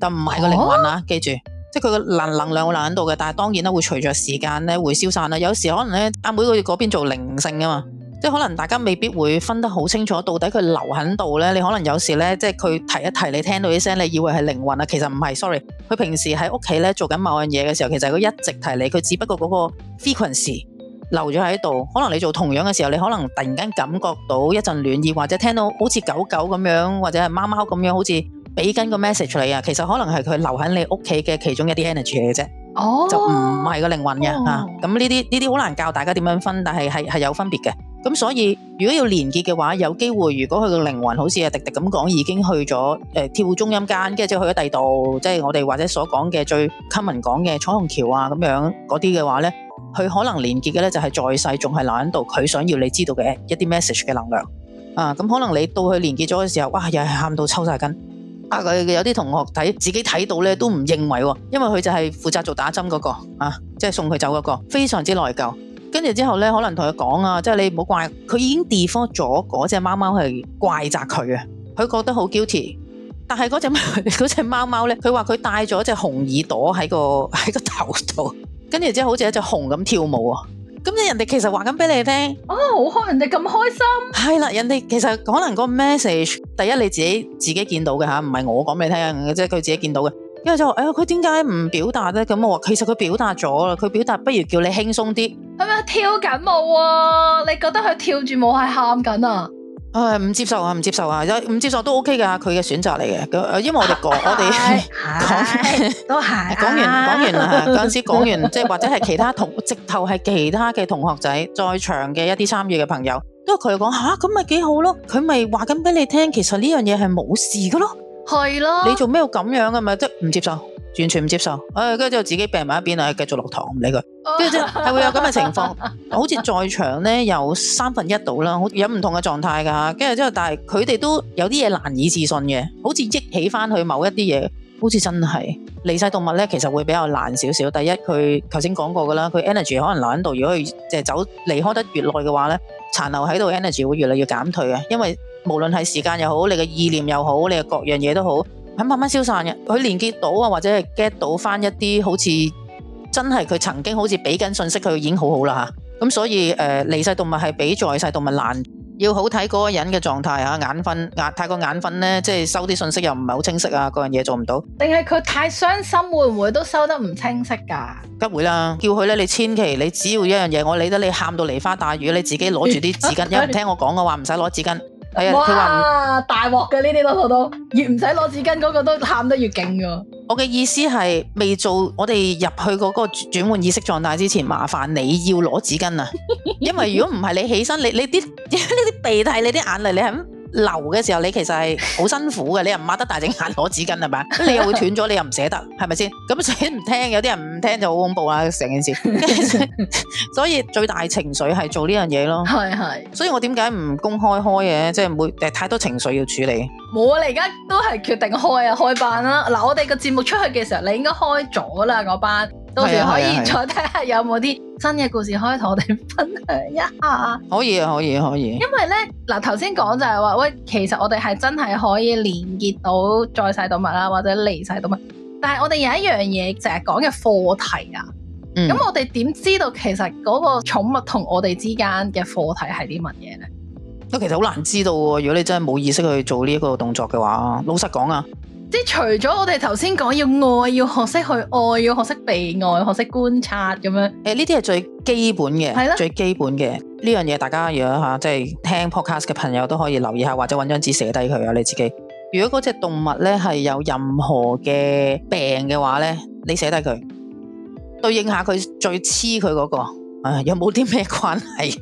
但唔係個靈魂啊。記住，哦、即係佢嘅能能量會留喺度嘅，但係當然啦，會隨著時間咧會消散啦。有時可能咧，阿妹佢嗰邊做靈性噶嘛。即係可能大家未必會分得好清楚，到底佢留喺度咧。你可能有時咧，即係佢提一提你聽到啲聲，你以為係靈魂啊，其實唔係。Sorry，佢平時喺屋企咧做緊某樣嘢嘅時候，其實佢一直提你，佢只不過嗰個 frequency 留咗喺度。可能你做同樣嘅時候，你可能突然間感覺到一陣暖意，或者聽到好似狗狗咁樣，或者係貓貓咁樣，好似俾緊個 message 你啊。其實可能係佢留喺你屋企嘅其中一啲 energy 嚟嘅啫，oh。就唔係個靈魂嘅嚇。咁呢啲呢啲好難教大家點樣分，但係係係有分別嘅。咁所以，如果要連結嘅話，有機會，如果佢個靈魂好似阿迪迪咁講，已經去咗誒、呃、跳中陰間，跟住去咗第二度，即係我哋或者所講嘅最 common 講嘅彩虹橋啊咁樣嗰啲嘅話咧，佢可能連結嘅咧就係在世仲係留喺度，佢想要你知道嘅一啲 message 嘅能量啊。咁可能你到佢連結咗嘅時候，哇，又係喊到抽晒筋啊！佢有啲同學睇自己睇到咧都唔認為喎，因為佢就係負責做打針嗰、嗰個啊，即、就、係、係、送佢走嗰、嗰個，非常之內疚。跟住之後咧，可能同佢講啊，即、就、係、是、你唔好怪佢已經 default 咗嗰隻貓貓係怪責佢啊，佢覺得好 guilty 但。但係嗰隻貓嗰隻貓貓咧，佢話佢戴咗隻紅耳朵喺個喺個頭度，跟住之後好似一隻熊咁跳舞啊！咁、嗯、你人哋其實話緊俾你聽，哦，好開，人哋咁開心。係啦、嗯，人哋其實可能個 message 第一你自己自己見到嘅吓，唔、啊、係我講俾你聽、啊、即啫，佢自己見到嘅。因為就話，哎佢點解唔表達咧？咁我話其實佢表達咗啦，佢表達不如叫你輕鬆啲。係咪？跳緊舞喎，你覺得佢跳住舞係喊緊啊？誒，唔接受啊，唔接受啊，唔接受都 OK 嘅，佢嘅選擇嚟嘅。因為我哋講，我哋講完都係講完講完啦。嗰陣時講完，即係、 <laughs> 啊、或者係其，其他同直頭係其他嘅同學仔在場嘅一啲參與嘅朋友，因為佢講嚇咁咪幾好咯，佢咪話緊俾你聽，其實呢樣嘢係冇事嘅咯。係咯，你做咩要咁樣啊？咪即係唔接受，完全唔接受。誒、哎，跟住之後自己病埋一邊啊，繼續落堂唔理佢。跟住之後係會有咁嘅情況，好似在場咧有三分一度啦，就是，好有唔同嘅狀態噶。跟住之後，但係佢哋都有啲嘢難以置信嘅，好似憶起翻去某一啲嘢，好似真係。離世動物咧，其實會比較難少少。第一，佢頭先講過噶啦，佢 energy 可能留喺度。如果佢即係走離開得越耐嘅話咧，殘留喺度 energy 會越嚟越減退嘅，因為，無論係時間又好，你嘅意念又好，你嘅各樣嘢都好，係慢慢消散嘅。佢連結到啊，或者係 get 到翻一啲好似真係佢曾經好似俾緊信息，佢已經好好啦吓。咁所以誒，離世動物係比在世動物難。要好睇嗰個人嘅狀態吓，眼瞓壓太過眼瞓呢，即係收啲信息又唔係好清晰啊，各樣嘢做唔到。定係佢太傷心，會唔會都收得唔清晰噶？梗會啦，叫佢咧，你千祈你只要一樣嘢，我理得你喊到梨花帶雨，你自己攞住啲紙巾，有人 <laughs> 聽我講嘅話，唔使攞紙巾。哇！大鑊嘅呢啲都好多，越唔使攞紙巾嗰個都喊得越勁嘅。我嘅意思係未做，我哋入去嗰個轉換意識狀態之前，麻煩你要攞紙巾啊！ <laughs> 因為如果唔係你起身，你你啲鼻涕，你啲眼淚，你係。流嘅時候，你其實係好辛苦嘅，你又唔擘得大隻眼攞紙巾係咪？你又會斷咗，你又唔捨得，係咪先？咁死唔聽，有啲人唔聽就好恐怖啊！成件事， <laughs> 所以最大情緒係做呢樣嘢咯。係係是，所以我點解唔公開開嘅？即係唔會誒太多情緒要處理。冇啊！你而家都係決定開啊，開班啦。嗱，我哋個節目出去嘅時候，你應該開咗啦，嗰班。到時可以再睇下有冇啲新嘅故事可以同我哋分享一下可、啊。可以啊，可以可以。因為咧，嗱頭先講就係話，喂，其實我哋係真係可以連結到在世動物啦，或者離世動物。但係我哋有一樣嘢成日講嘅課題啊。嗯。咁我哋點知道其實嗰個寵物同我哋之間嘅課題係啲乜嘢咧？啊，其實好難知道喎、啊。如果你真係冇意識去做呢一個動作嘅話，老實講啊。即除咗我哋頭先講要愛，要學識去愛，要學識被愛，要學識觀察咁樣。誒，呢啲係最基本嘅，係啦的，最基本嘅呢樣嘢，大家如果嚇、啊、即係聽 podcast 嘅朋友都可以留意下，或者揾張紙寫低佢啊，你自己。如果嗰隻動物咧係有任何嘅病嘅話咧，你寫低佢，對應下佢最黐佢嗰個，啊、有冇啲咩關係？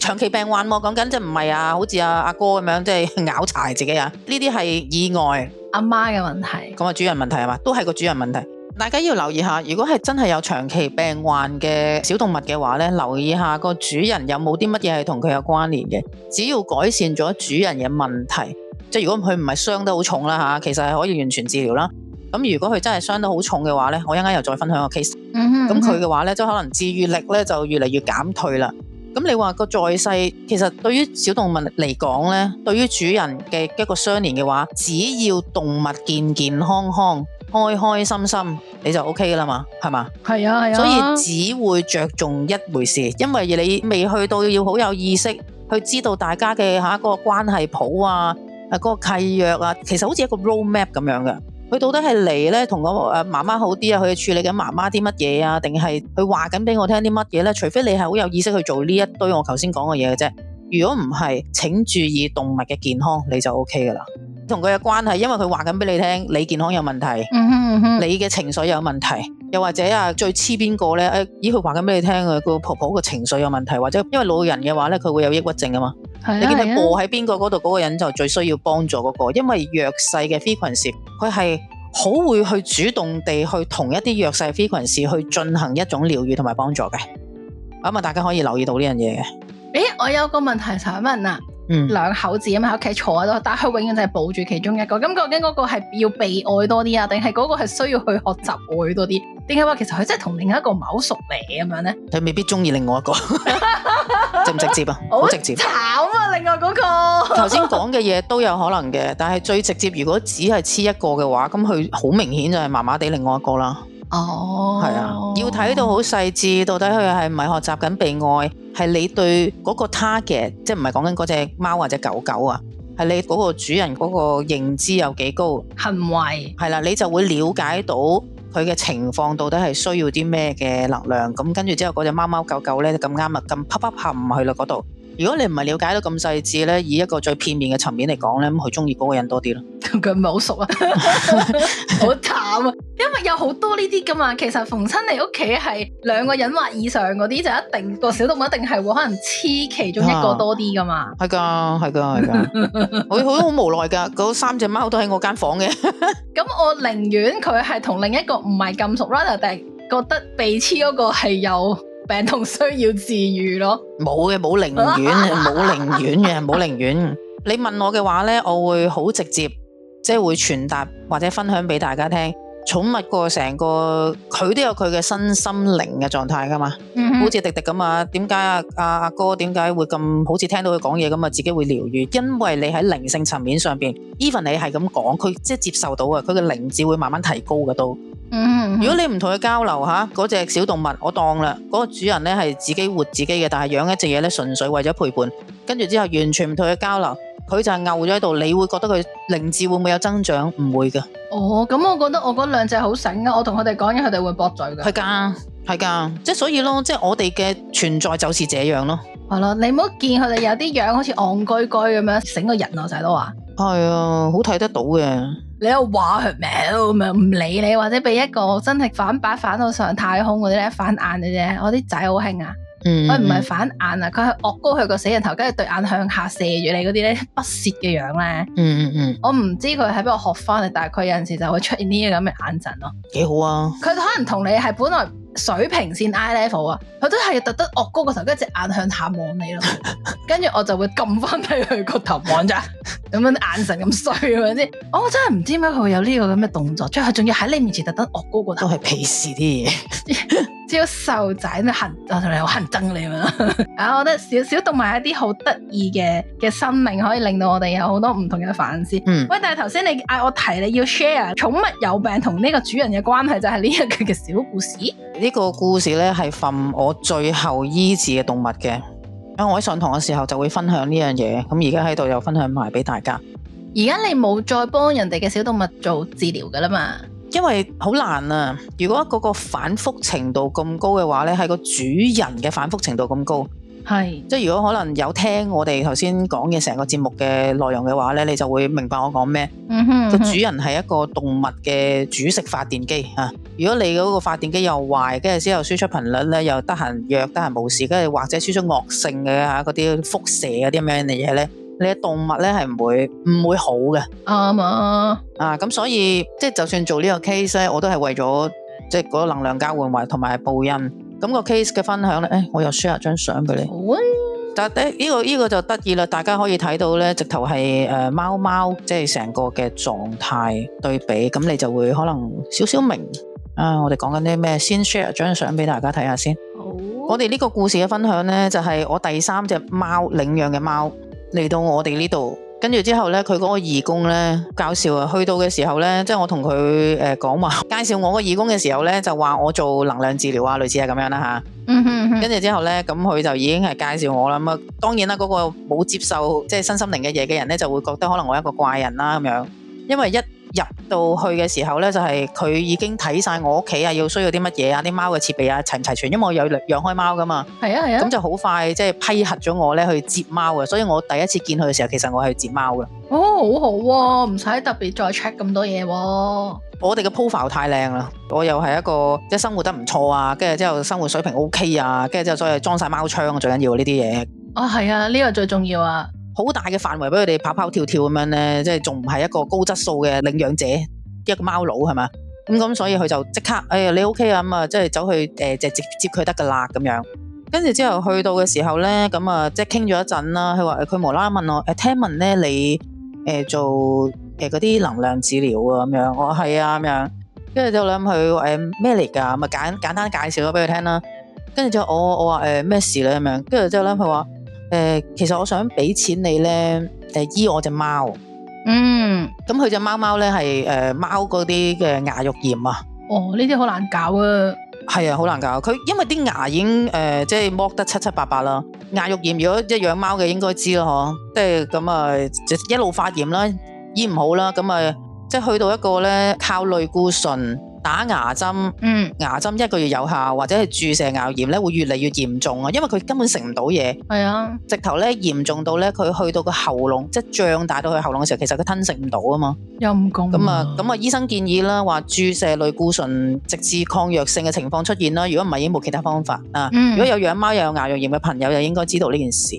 長期病患喎，講緊即唔係啊？好似阿阿哥咁樣，即係咬柴自己啊！呢啲係意外，阿媽嘅問題，咁啊主人問題係嘛？都係個主人問題。大家要留意下，如果係真係有長期病患嘅小動物嘅話呢，留意下個主人有冇啲乜嘢係同佢有關聯嘅。只要改善咗主人嘅問題，即係如果佢唔係傷得好重啦吓，其實係可以完全治療啦。咁如果佢真係傷得好重嘅話呢，我一陣間又再分享個 case。咁佢嘅話呢，就可能治愈力呢就越嚟越減退啦。咁你話個在世其實對於小動物嚟講呢，對於主人嘅一個相連嘅話，只要動物健健康康、開開心心，你就 OK 㗎啦嘛，係嘛？係啊係啊，所以只會著重一回事，因為你未去到要好有意識去知道大家嘅嚇一個關係譜啊，誒嗰個契約啊，其實好似一個 roadmap 咁樣嘅。佢到底係嚟咧同我誒媽媽好啲啊？佢處理緊媽媽啲乜嘢啊？定係佢話緊畀我聽啲乜嘢呢？除非你係好有意識去做呢一堆我頭先講嘅嘢嘅啫。如果唔係，請注意動物嘅健康你就 OK 嘅啦。同佢嘅關係，因為佢話緊畀你聽，你健康有問題，嗯哼嗯哼，你嘅情緒有問題。又或者啊，最黐邊個咧？誒，咦，佢話緊俾你聽啊，個婆婆個情緒有問題，或者因為老人嘅話咧，佢會有抑鬱症啊嘛。的你見佢餓喺邊個嗰度，嗰的個人就最需要幫助嗰、嗰個，因為弱勢嘅 frequency，佢係好會去主動地去同一啲弱勢 frequency 去進行一種療愈同埋幫助嘅。咁啊，大家可以留意到呢樣嘢嘅。誒，我有個問題想問啊。嗯、兩口子咁喺屋企坐喺度，但係佢永遠就係保住其中一個。咁究竟嗰個係要被愛多啲啊，定係嗰個係需要去學習愛多啲？點解話其實佢真係同另一個唔係好熟樣呢？咁樣咧，佢未必中意另外一個， <laughs> 直唔直接啊？好直接， <laughs> 直接慘啊！另外嗰、嗰個頭先講嘅嘢都有可能嘅，但係最直接，如果只係黐一個嘅話，咁佢好明顯就係麻麻地另外一個啦。哦，係啊，要睇到好細緻，到底佢係咪學習緊被愛？係你對嗰個 target，即係唔係講緊嗰隻貓或者狗狗啊？係你嗰個主人嗰個認知有幾高？行為係啦，你就會瞭解到佢嘅情況到底係需要啲咩嘅能量。咁跟住之後，嗰隻貓貓狗狗呢咁啱啊，咁啪啪啪唔去啦嗰度。如果你唔係了解得咁細緻咧，以一個最片面嘅層面嚟講咧，咁佢中意嗰個人多啲咯。佢唔係好熟啊，好慘啊。因為有好多呢啲噶嘛。其實逢親你屋企係兩個人或以上嗰啲，就一定、個小動物一定係會可能黐其中一個多啲噶嘛。係噶、啊，係噶，係噶。 <laughs> 我我好無奈噶，嗰三隻貓都喺我間房嘅。咁 <laughs> <music> 我寧願佢係同另一個唔係咁熟 rather 定覺得被黐嗰個係有。病痛需要治癒咯，冇嘅冇寧願冇寧願嘅冇寧願，你問我嘅話咧，我會好直接，即係會傳達或者分享俾大家聽。寵物個成個佢都有佢嘅身心靈嘅狀態㗎嘛、嗯哼啊啊啊，好似迪迪咁啊，點解啊阿哥點解會咁好似聽到佢講嘢咁啊？自己會療愈，因為你喺靈性層面上邊，even 你係咁講，佢即係接受到嘅，佢嘅靈智會慢慢提高嘅都。嗯、哼如果你唔同佢交流吓，嗰、啊、隻小動物我當啦，嗰、嗰個主人呢係自己活自己嘅，但係養一隻嘢呢，純粹為咗陪伴，跟住之後完全唔同佢交流。佢就係牛咗喺度，你會覺得佢靈智會唔會有增長？唔會㗎。哦，咁、嗯、我覺得我嗰兩隻好醒啊。我同佢哋講嘢，佢哋會駁嘴㗎。係噶，係噶，即係所以咯，即係我哋嘅存在就是這樣咯。係咯，你冇見佢哋有啲樣好似憨居居咁樣，醒個人啊！仔都話。係啊，好睇得到嘅。你又話佢咩？唔理你，或者俾一個真係反白反到上太空嗰啲咧，反眼嘅啫。我啲仔好慶啊！嗯，佢唔係反眼啊！佢係惡高佢個死人頭，跟住對眼向下射住你嗰啲咧，不屑嘅樣咧。嗯嗯嗯，我唔知佢喺邊學翻嚟，但係佢有陣時就會出現呢啲咁嘅眼神咯。幾好啊！佢可能同你係本來。水平線 eye level 啊，佢都係特登惡高個頭，跟一隻眼向下望你咯，跟住 <laughs> 我就會撳翻低佢個頭望咋，咁樣眼神咁衰咁樣先，我真係唔知點解佢會有呢個咁嘅動作，即係仲要喺你面前特登惡高個頭，都係鄙視啲嘢，超 <laughs> <laughs> 瘦仔你恨，我仲有恨憎你啊！ <laughs> <laughs> 啊，我覺得小小動物一啲好得意嘅嘅生命，可以令到我哋有好多唔同嘅反思。嗯，喂，但係頭先你嗌我提你要 share，寵物有病同呢個主人嘅關係就係、是、呢一句嘅小故事。呢個故事呢，係馮我最後醫治嘅動物嘅，咁我喺上堂嘅時候就會分享呢樣嘢，咁而家喺度又分享埋俾大家。而家你冇再幫人哋嘅小動物做治療噶啦嘛？因為好難啊！如果嗰個個反覆程度咁高嘅話呢，係個主人嘅反覆程度咁高。係，即係是如果可能有聽我哋頭先講嘅成個節目嘅內容嘅話咧，你就會明白我講咩。個、嗯嗯、主人係一個動物嘅主食發電機啊。如果你嗰個發電機又壞，跟住之後輸出頻率咧又得閒弱，得閒無事，跟住或者輸出惡性嘅吓嗰啲輻射嗰啲咁樣嘅嘢咧，你嘅動物咧係唔會唔會好嘅。啱、嗯、哼啊，啊咁所以即係就算做呢個 case 咧，我都係為咗即係嗰個能量交換為同埋報恩。咁個 case 嘅分享呢，哎、我又 share 張相俾你。但係咧，呢、哎呢個呢、呢個、就得意啦，大家可以睇到咧，直頭係誒貓貓，即係成個嘅狀態對比，咁你就會可能少少明、啊、我哋講緊啲咩？先 share 張相俾大家睇下先。好我哋呢個故事嘅分享呢，就係、係、我第三隻貓領養嘅貓嚟到我哋呢度。跟住之後呢，佢嗰個義工呢，搞笑啊！去到嘅時候呢，即係我同佢誒講話介紹我個義工嘅時候呢，就話我做能量治療啊，類似係咁樣啦嚇。嗯嗯嗯。跟住之後呢，咁佢就已經係介紹我啦。咁啊，當然啦，嗰個冇接受即係身心靈嘅嘢嘅人呢，就會覺得可能我係一個怪人啦咁樣，因為一。入到去嘅時候呢，就係、是、佢已經睇晒我屋企啊，要需要啲乜嘢啊，啲貓嘅設備啊齊唔齊全？因為我有養開貓㗎嘛，係啊係啊，咁、啊、就好快即係、就是、批核咗我呢去接貓嘅。所以我第一次見佢嘅時候，其實我係去接貓㗎。哦，好好喎、啊，唔使特別再 check 咁多嘢喎、啊。我哋嘅 profile 太靚啦，我又係一個即係生活得唔錯啊，跟住之後生活水平 OK 啊，跟住之後所以裝晒貓窗，最緊要呢啲嘢。哦，係啊，呢、這個最重要啊！好大嘅範圍俾佢哋跑跑跳跳咁樣咧，即係仲唔係一個高質素嘅領養者一個貓佬係嘛？咁咁所以佢就即刻，哎呀你 OK 啊嘛，即係走去誒直接、欸、接接佢得噶啦咁樣。跟住之後去到嘅時候咧，咁啊即係傾咗一陣啦。佢話佢無啦啦問我誒、欸，聽聞咧你誒、欸、做誒嗰啲能量治療啊咁樣。我話係啊咁樣。跟住就諗佢誒咩嚟㗎？咪、欸、簡簡單介紹咗俾佢聽啦。跟住就、哦、我我話誒咩事啦咁樣。跟住之後咧佢話。誒、呃，其實我想俾錢你咧，誒、呃、醫我隻貓。嗯，咁佢隻貓貓咧係誒貓嗰啲嘅牙肉炎啊。哦，呢啲好難搞啊。係啊，好難搞。佢因為啲牙已經誒、呃、即係剝得七七八八啦，牙肉炎，如果一係養貓嘅應該知咯嗬。即係咁啊，就一路發炎啦，醫唔好啦，咁啊即係去到一個咧靠類固醇。打牙針，牙針一個月有效，或者係注射牙炎咧，會越嚟越嚴重啊！因為佢根本食唔到嘢，係是啊直，直頭咧嚴重到咧，佢去到個喉嚨，即係脹大到佢喉嚨嘅時候，其實佢吞食唔到啊嘛。陰公咁啊，咁啊，醫生建議啦，話注射類固醇，直至抗藥性嘅情況出現啦。如果唔係，已經冇其他方法啊。嗯、如果有養貓又有牙肉炎嘅朋友，又應該知道呢件事。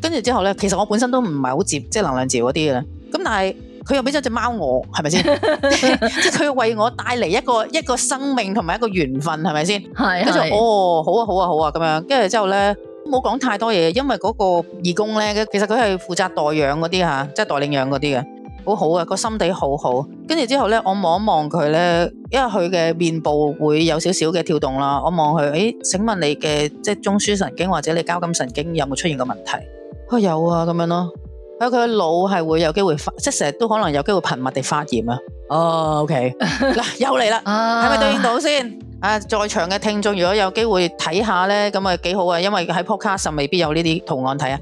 跟住之後咧，其實我本身都唔係好接即係能量治療嗰啲嘅，咁但係，佢又俾咗隻貓我，係咪先？即係佢為我帶嚟一個一個生命同埋一個緣分，係咪先？係是是。跟住哦，好啊，好啊，好啊，咁樣。跟住之後咧，冇講太多嘢，因為嗰個義工咧，其實佢係負責代養嗰啲吓，即係代領養嗰啲嘅，好好啊，個心地好好。跟住之後咧，我望一望佢咧，因為佢嘅面部會有少少嘅跳動啦，我望佢，誒，請問你嘅即係中樞神經或者你交感神經有冇出現過問題？啊、哦，有啊，咁樣咯、啊。佢佢嘅腦係會有機會發，即係成日都可能有機會頻密地發炎啊！哦、oh，OK，嗱 <laughs> 又嚟啦，係咪 <laughs> 對應到先？ <laughs> 啊，在場嘅聽眾，如果有機會睇下咧，咁啊幾好啊！因為喺 Podcast 未必有呢啲圖案睇啊。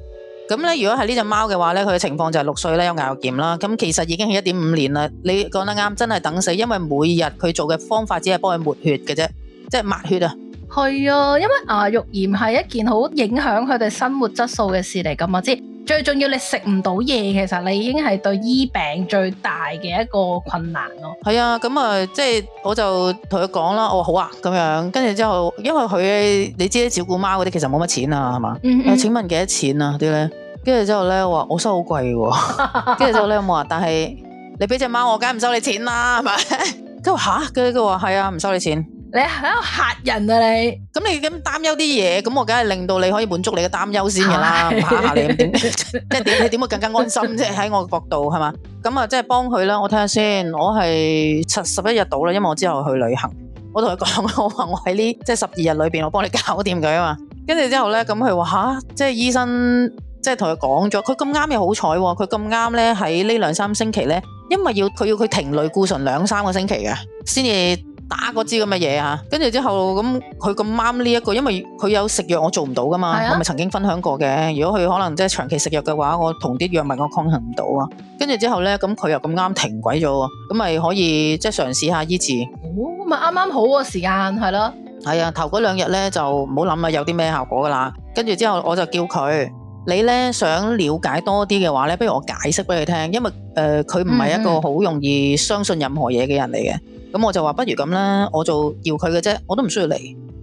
咁咧，如果係呢隻貓嘅話咧，佢嘅情況就係六歲咧有牙肉炎啦。咁其實已經係一點五年啦。你講得啱，真係等死，因為每日佢做嘅方法只係幫佢抹血嘅啫，即係抹血啊。係啊，因為牙肉炎係一件好影響佢哋生活質素嘅事嚟，咁我知。最重要你食唔到嘢，其實你已經係對醫病最大嘅一個困難咯。係啊，咁啊、呃，即係我就同佢講啦，我話好啊，咁樣，跟住之後，因為佢你知啲照顧貓嗰啲其實冇乜錢啊，係嘛、嗯嗯啊？請問幾多錢啊啲咧？跟住之後咧，我話我收好貴，啊，跟住之後咧，我話但係你俾隻貓我，梗係唔收你錢啦，係咪？佢話吓，佢佢話係啊，唔、啊啊、收你錢。你喺度嚇人啊！你咁你咁擔憂啲嘢，咁我梗係令到你可以滿足你嘅擔憂先噶啦，吓下你點，即係點你點會更加安心？即係喺我嘅角度係嘛，咁啊即係幫佢啦。我睇下先，我係七十一日到啦，因為我之後去旅行，我同佢講我話我喺呢即係十二日裏邊，我幫你搞掂佢啊嘛。跟住之後咧，咁佢話吓，即係醫生即係同佢講咗，佢咁啱又好彩，佢咁啱咧喺呢兩三星期咧，因為要佢要佢停類固醇兩三個星期嘅，先至，打嗰支咁嘅嘢啊，跟住之後咁佢咁啱呢一個，因為佢有食藥，我做唔到噶嘛。啊、我咪曾經分享過嘅。如果佢可能即係長期食藥嘅話，我同啲藥物我抗衡唔到啊。跟住之後呢，咁佢又咁啱停鬼咗，咁咪可以即係嘗試下醫治。哦，咪啱啱好個時間係咯。係啊，啊，頭嗰兩日呢就唔好諗啦，有啲咩效果噶啦。跟住之後我就叫佢，你呢想了解多啲嘅話呢，不如我解釋俾你聽，因為誒佢唔係一個好容易相信任何嘢嘅人嚟嘅。嗯嗯咁我就話不如咁啦，我就搖佢嘅啫，我都唔需要嚟。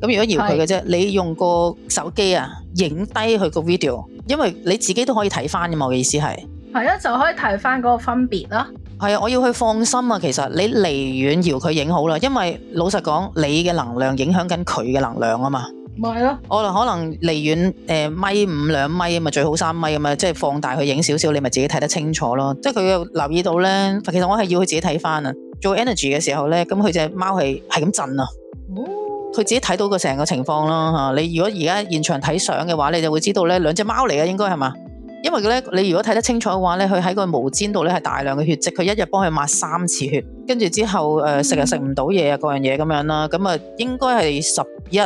咁如果搖佢嘅啫，係你用個手機啊，影低佢個 video，因為你自己都可以睇翻噶嘛。我嘅意思係係啊，就可以睇翻嗰個分別啦。係啊，我要佢放心啊。其實你離遠搖佢影，影好啦，因為老實講，你嘅能量影響緊佢嘅能量啊嘛。咪係咯。我哋可能離遠誒、呃、米五兩米咪最好三米咁嘛，即係放大去影少少，你咪自己睇得清楚咯。即係佢要留意到咧。其實我係要佢自己睇翻啊。做 energy 嘅時候呢，咁佢隻貓係係咁震啊！佢自己睇到個成個情況啦、啊、你如果而家現場睇相嘅話，你就會知道咧，兩隻貓嚟嘅應該係嘛？因為咧，你如果睇得清楚嘅話呢，佢喺個毛尖度咧，係大量嘅血跡。佢一日幫佢抹三次血，跟住之後誒、呃、食啊食唔到嘢啊各樣嘢咁樣啦。咁啊應該係十一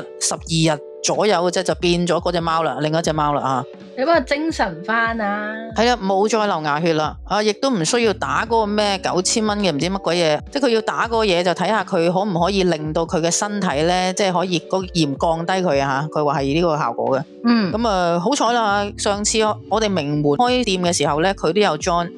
十二日。左右嘅啫，就變咗嗰隻貓啦，另一隻貓啦啊！你幫佢精神翻啊！係啊、嗯，冇再流牙血啦！啊，亦都唔需要打嗰個咩九千蚊嘅唔知乜鬼嘢，即係佢要打嗰個嘢，就睇下佢可唔可以令到佢嘅身體咧，即係可以個鹽降低佢啊吓！佢話係呢個效果嘅、嗯嗯。嗯，咁、嗯、啊好彩啦！上次我哋明門開店嘅時候咧，佢都有 join。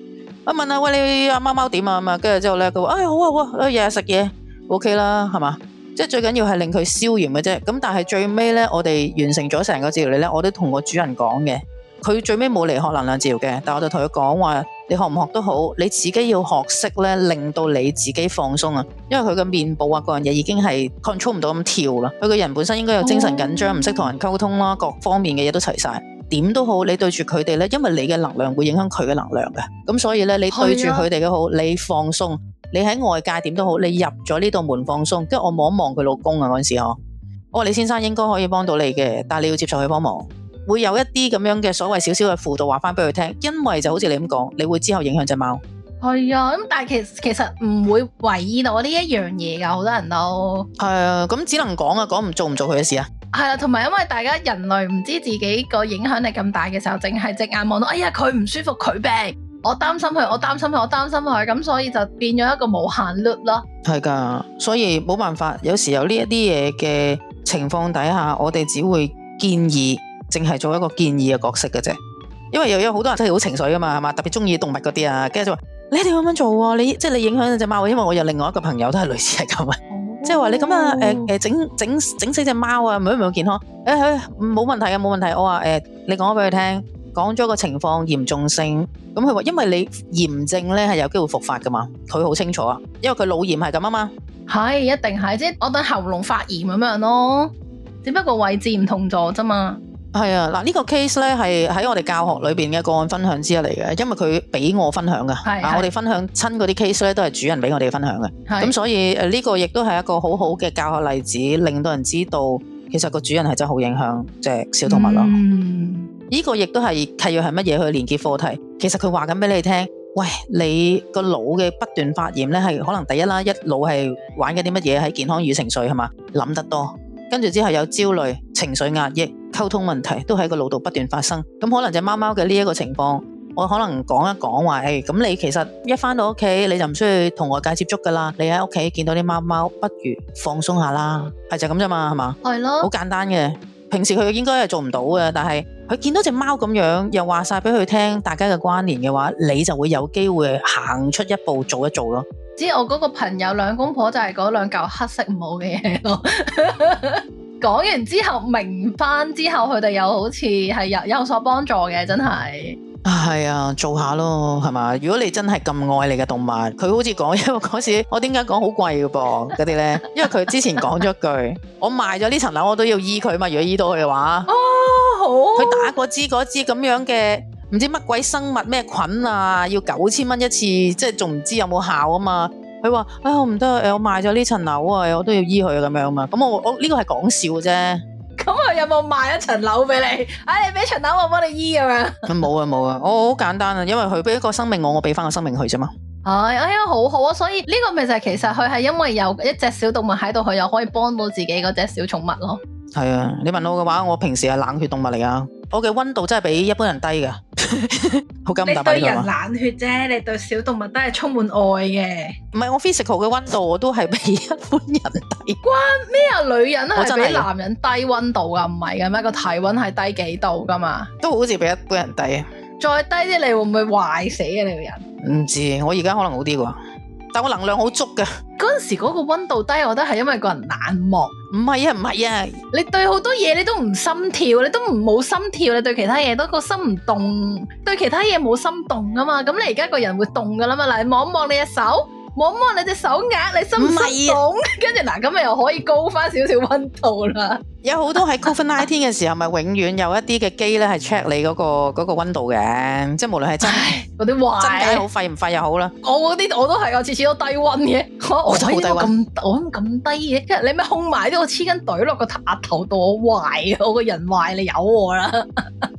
我問下喂，你阿貓貓點啊咁啊，跟住、啊嗯、之後咧，佢話：哎好啊，好啊，日日食嘢，OK 啦，係嘛？即係最緊要係令佢消炎嘅啫，咁但係最尾咧，我哋完成咗成個治療你咧，我都同個主人講嘅，佢最尾冇嚟學能量治療嘅，但係我就同佢講話，你學唔學都好，你自己要學識咧，令到你自己放鬆啊，因為佢嘅面部啊各樣嘢已經係 control 唔到咁跳啦，佢個人本身應該有精神緊張，唔識同人溝通啦，各方面嘅嘢都齊晒，點都好，你對住佢哋咧，因為你嘅能量會影響佢嘅能量嘅，咁所以咧，你對住佢哋嘅好，你放鬆。你喺外界點都好，你入咗呢度門放鬆，跟住我望一望佢老公啊，嗰陣時我話李先生應該可以幫到你嘅，但係你要接受佢幫忙，會有一啲咁樣嘅所謂少少嘅輔導話翻俾佢聽，因為就好似你咁講，你會之後影響隻貓。係啊，咁但係其其實唔會為意到我呢一樣嘢㗎，好多人都係啊，咁只能講啊，講唔做唔做佢嘅事啊。係啦，同埋因為大家人類唔知自己個影響力咁大嘅時候，淨係隻眼望到，哎呀佢唔舒服，佢病。我擔心佢，我擔心佢，我擔心佢，咁所以就變咗一個無限 loop 咯。係噶，所以冇辦法。有時候有呢一啲嘢嘅情況底下，我哋只會建議，淨係做一個建議嘅角色嘅啫。因為又有好多人真係好情緒噶嘛，係嘛？特別中意動物嗰啲啊，跟住就話：你一定要咁樣做啊！你即係你影響咗隻貓啊！因為我有另外一個朋友都係類似係咁，哦，啊，即係話你咁啊，誒誒，整整整死隻貓啊，唔係唔健康？誒、呃，冇問題啊，冇問題。我話誒、呃，你講咗俾佢聽。講咗個情況嚴重性，咁佢話，因為你炎症咧係有機會復發噶嘛，佢好清楚啊，因為佢腦炎係咁啊嘛，係一定係即係我等喉嚨發炎咁樣咯，只不過位置唔同咗啫嘛。係啊，嗱、這、呢個 case 咧係喺我哋教學裏邊嘅個案分享之一嚟嘅，因為佢俾我分享噶，啊我哋分享親嗰啲 case 咧都係主人俾我哋分享嘅，咁係所以誒呢個亦都係一個好好嘅教學例子，令到人知道其實個主人係真係好影響隻、就是、小動物咯。嗯依個亦都係契約係乜嘢去連結課題？其實佢話緊俾你聽，喂，你個腦嘅不斷發炎咧，係可能第一啦，一路係玩緊啲乜嘢喺健康與情緒係嘛？諗得多，跟住之後有焦慮、情緒壓抑、溝通問題，都喺個腦度不斷發生。咁、嗯、可能隻貓貓嘅呢一個情況，我可能講一講話，誒，咁、哎、你其實一返到屋企你就唔需要同外界接觸㗎喇，你喺屋企見到啲貓貓，不如放鬆下啦，係就咁咋嘛，係嘛？係咯的，好簡單嘅。平時佢應該係做唔到嘅，但係佢見到隻貓咁樣，又話晒俾佢聽大家嘅關聯嘅話，你就會有機會行出一步做一做咯。只係我嗰個朋友兩公婆就係嗰兩嚿黑色唔好嘅嘢咯。講 <laughs> 完之後明翻之後，佢哋又好似係有有所幫助嘅，真係。係啊、哎，做下咯，係嘛？如果你真係咁愛你嘅動物，佢好似講，因為嗰時我點解講好貴嘅噃嗰啲咧？因為佢之前講咗句，我賣咗呢層樓，我都要醫佢嘛。如果醫到佢嘅話，哦好，哦，佢打嗰支嗰支咁樣嘅，唔知乜鬼生物咩菌啊，要九千蚊一次，即係仲唔知有冇效啊嘛？佢話哎我唔得，誒我賣咗呢層樓啊，我都要醫佢咁樣嘛。咁、嗯、我我呢、個係講笑啫。咁佢有冇賣一層樓俾你？哎，你俾層樓我幫你醫咁樣？冇啊冇啊，我好簡單啊，因為佢俾一個生命我，我俾返個生命佢啫嘛。係、哎，哎呀，好好啊，所以呢、呢個咪就其實佢係因為有一隻小動物喺度，佢又可以幫到自己嗰隻小寵物咯。係啊，你問我嘅話，我平時係冷血動物嚟㗎。我嘅溫度真係比一般人低噶， <laughs> <laughs> 你對人冷血啫， <laughs> 你對小動物都係充滿愛嘅。唔係我 physical 嘅溫度我都係比一般人低。關咩啊？女人係比男人低溫度噶，唔係噶咩？個體溫係低幾度噶嘛？都好似比一般人低啊！再低啲你會唔會壞死啊？你個人唔知，我而家可能好啲啩。但我能量好足嘅，嗰陣時嗰個溫度低，我覺得係因為個人冷漠。唔係呀，唔係呀。你對好多嘢你都唔心跳，你都唔冇心跳，你對其他嘢都個心唔動，對其他嘢冇心動啊嘛。咁你而家個人會動噶啦嘛，嗱，望一望你隻手。摸摸你隻手，握你心深深，跟住嗱，咁咪 <laughs> 又可以高翻少少溫度啦。有好多喺 COVID-19 嘅時候，咪永遠有一啲嘅機咧，係 check 你嗰個嗰個溫度嘅，即係無論係真嗰啲壞，壞好廢唔廢又好啦。我嗰啲我都係我次次都低溫嘅、啊啊，我我一路咁咁低嘅，跟住你咪控埋啲我黐根懟落個額頭度，我壞，我個人壞你，有我啦。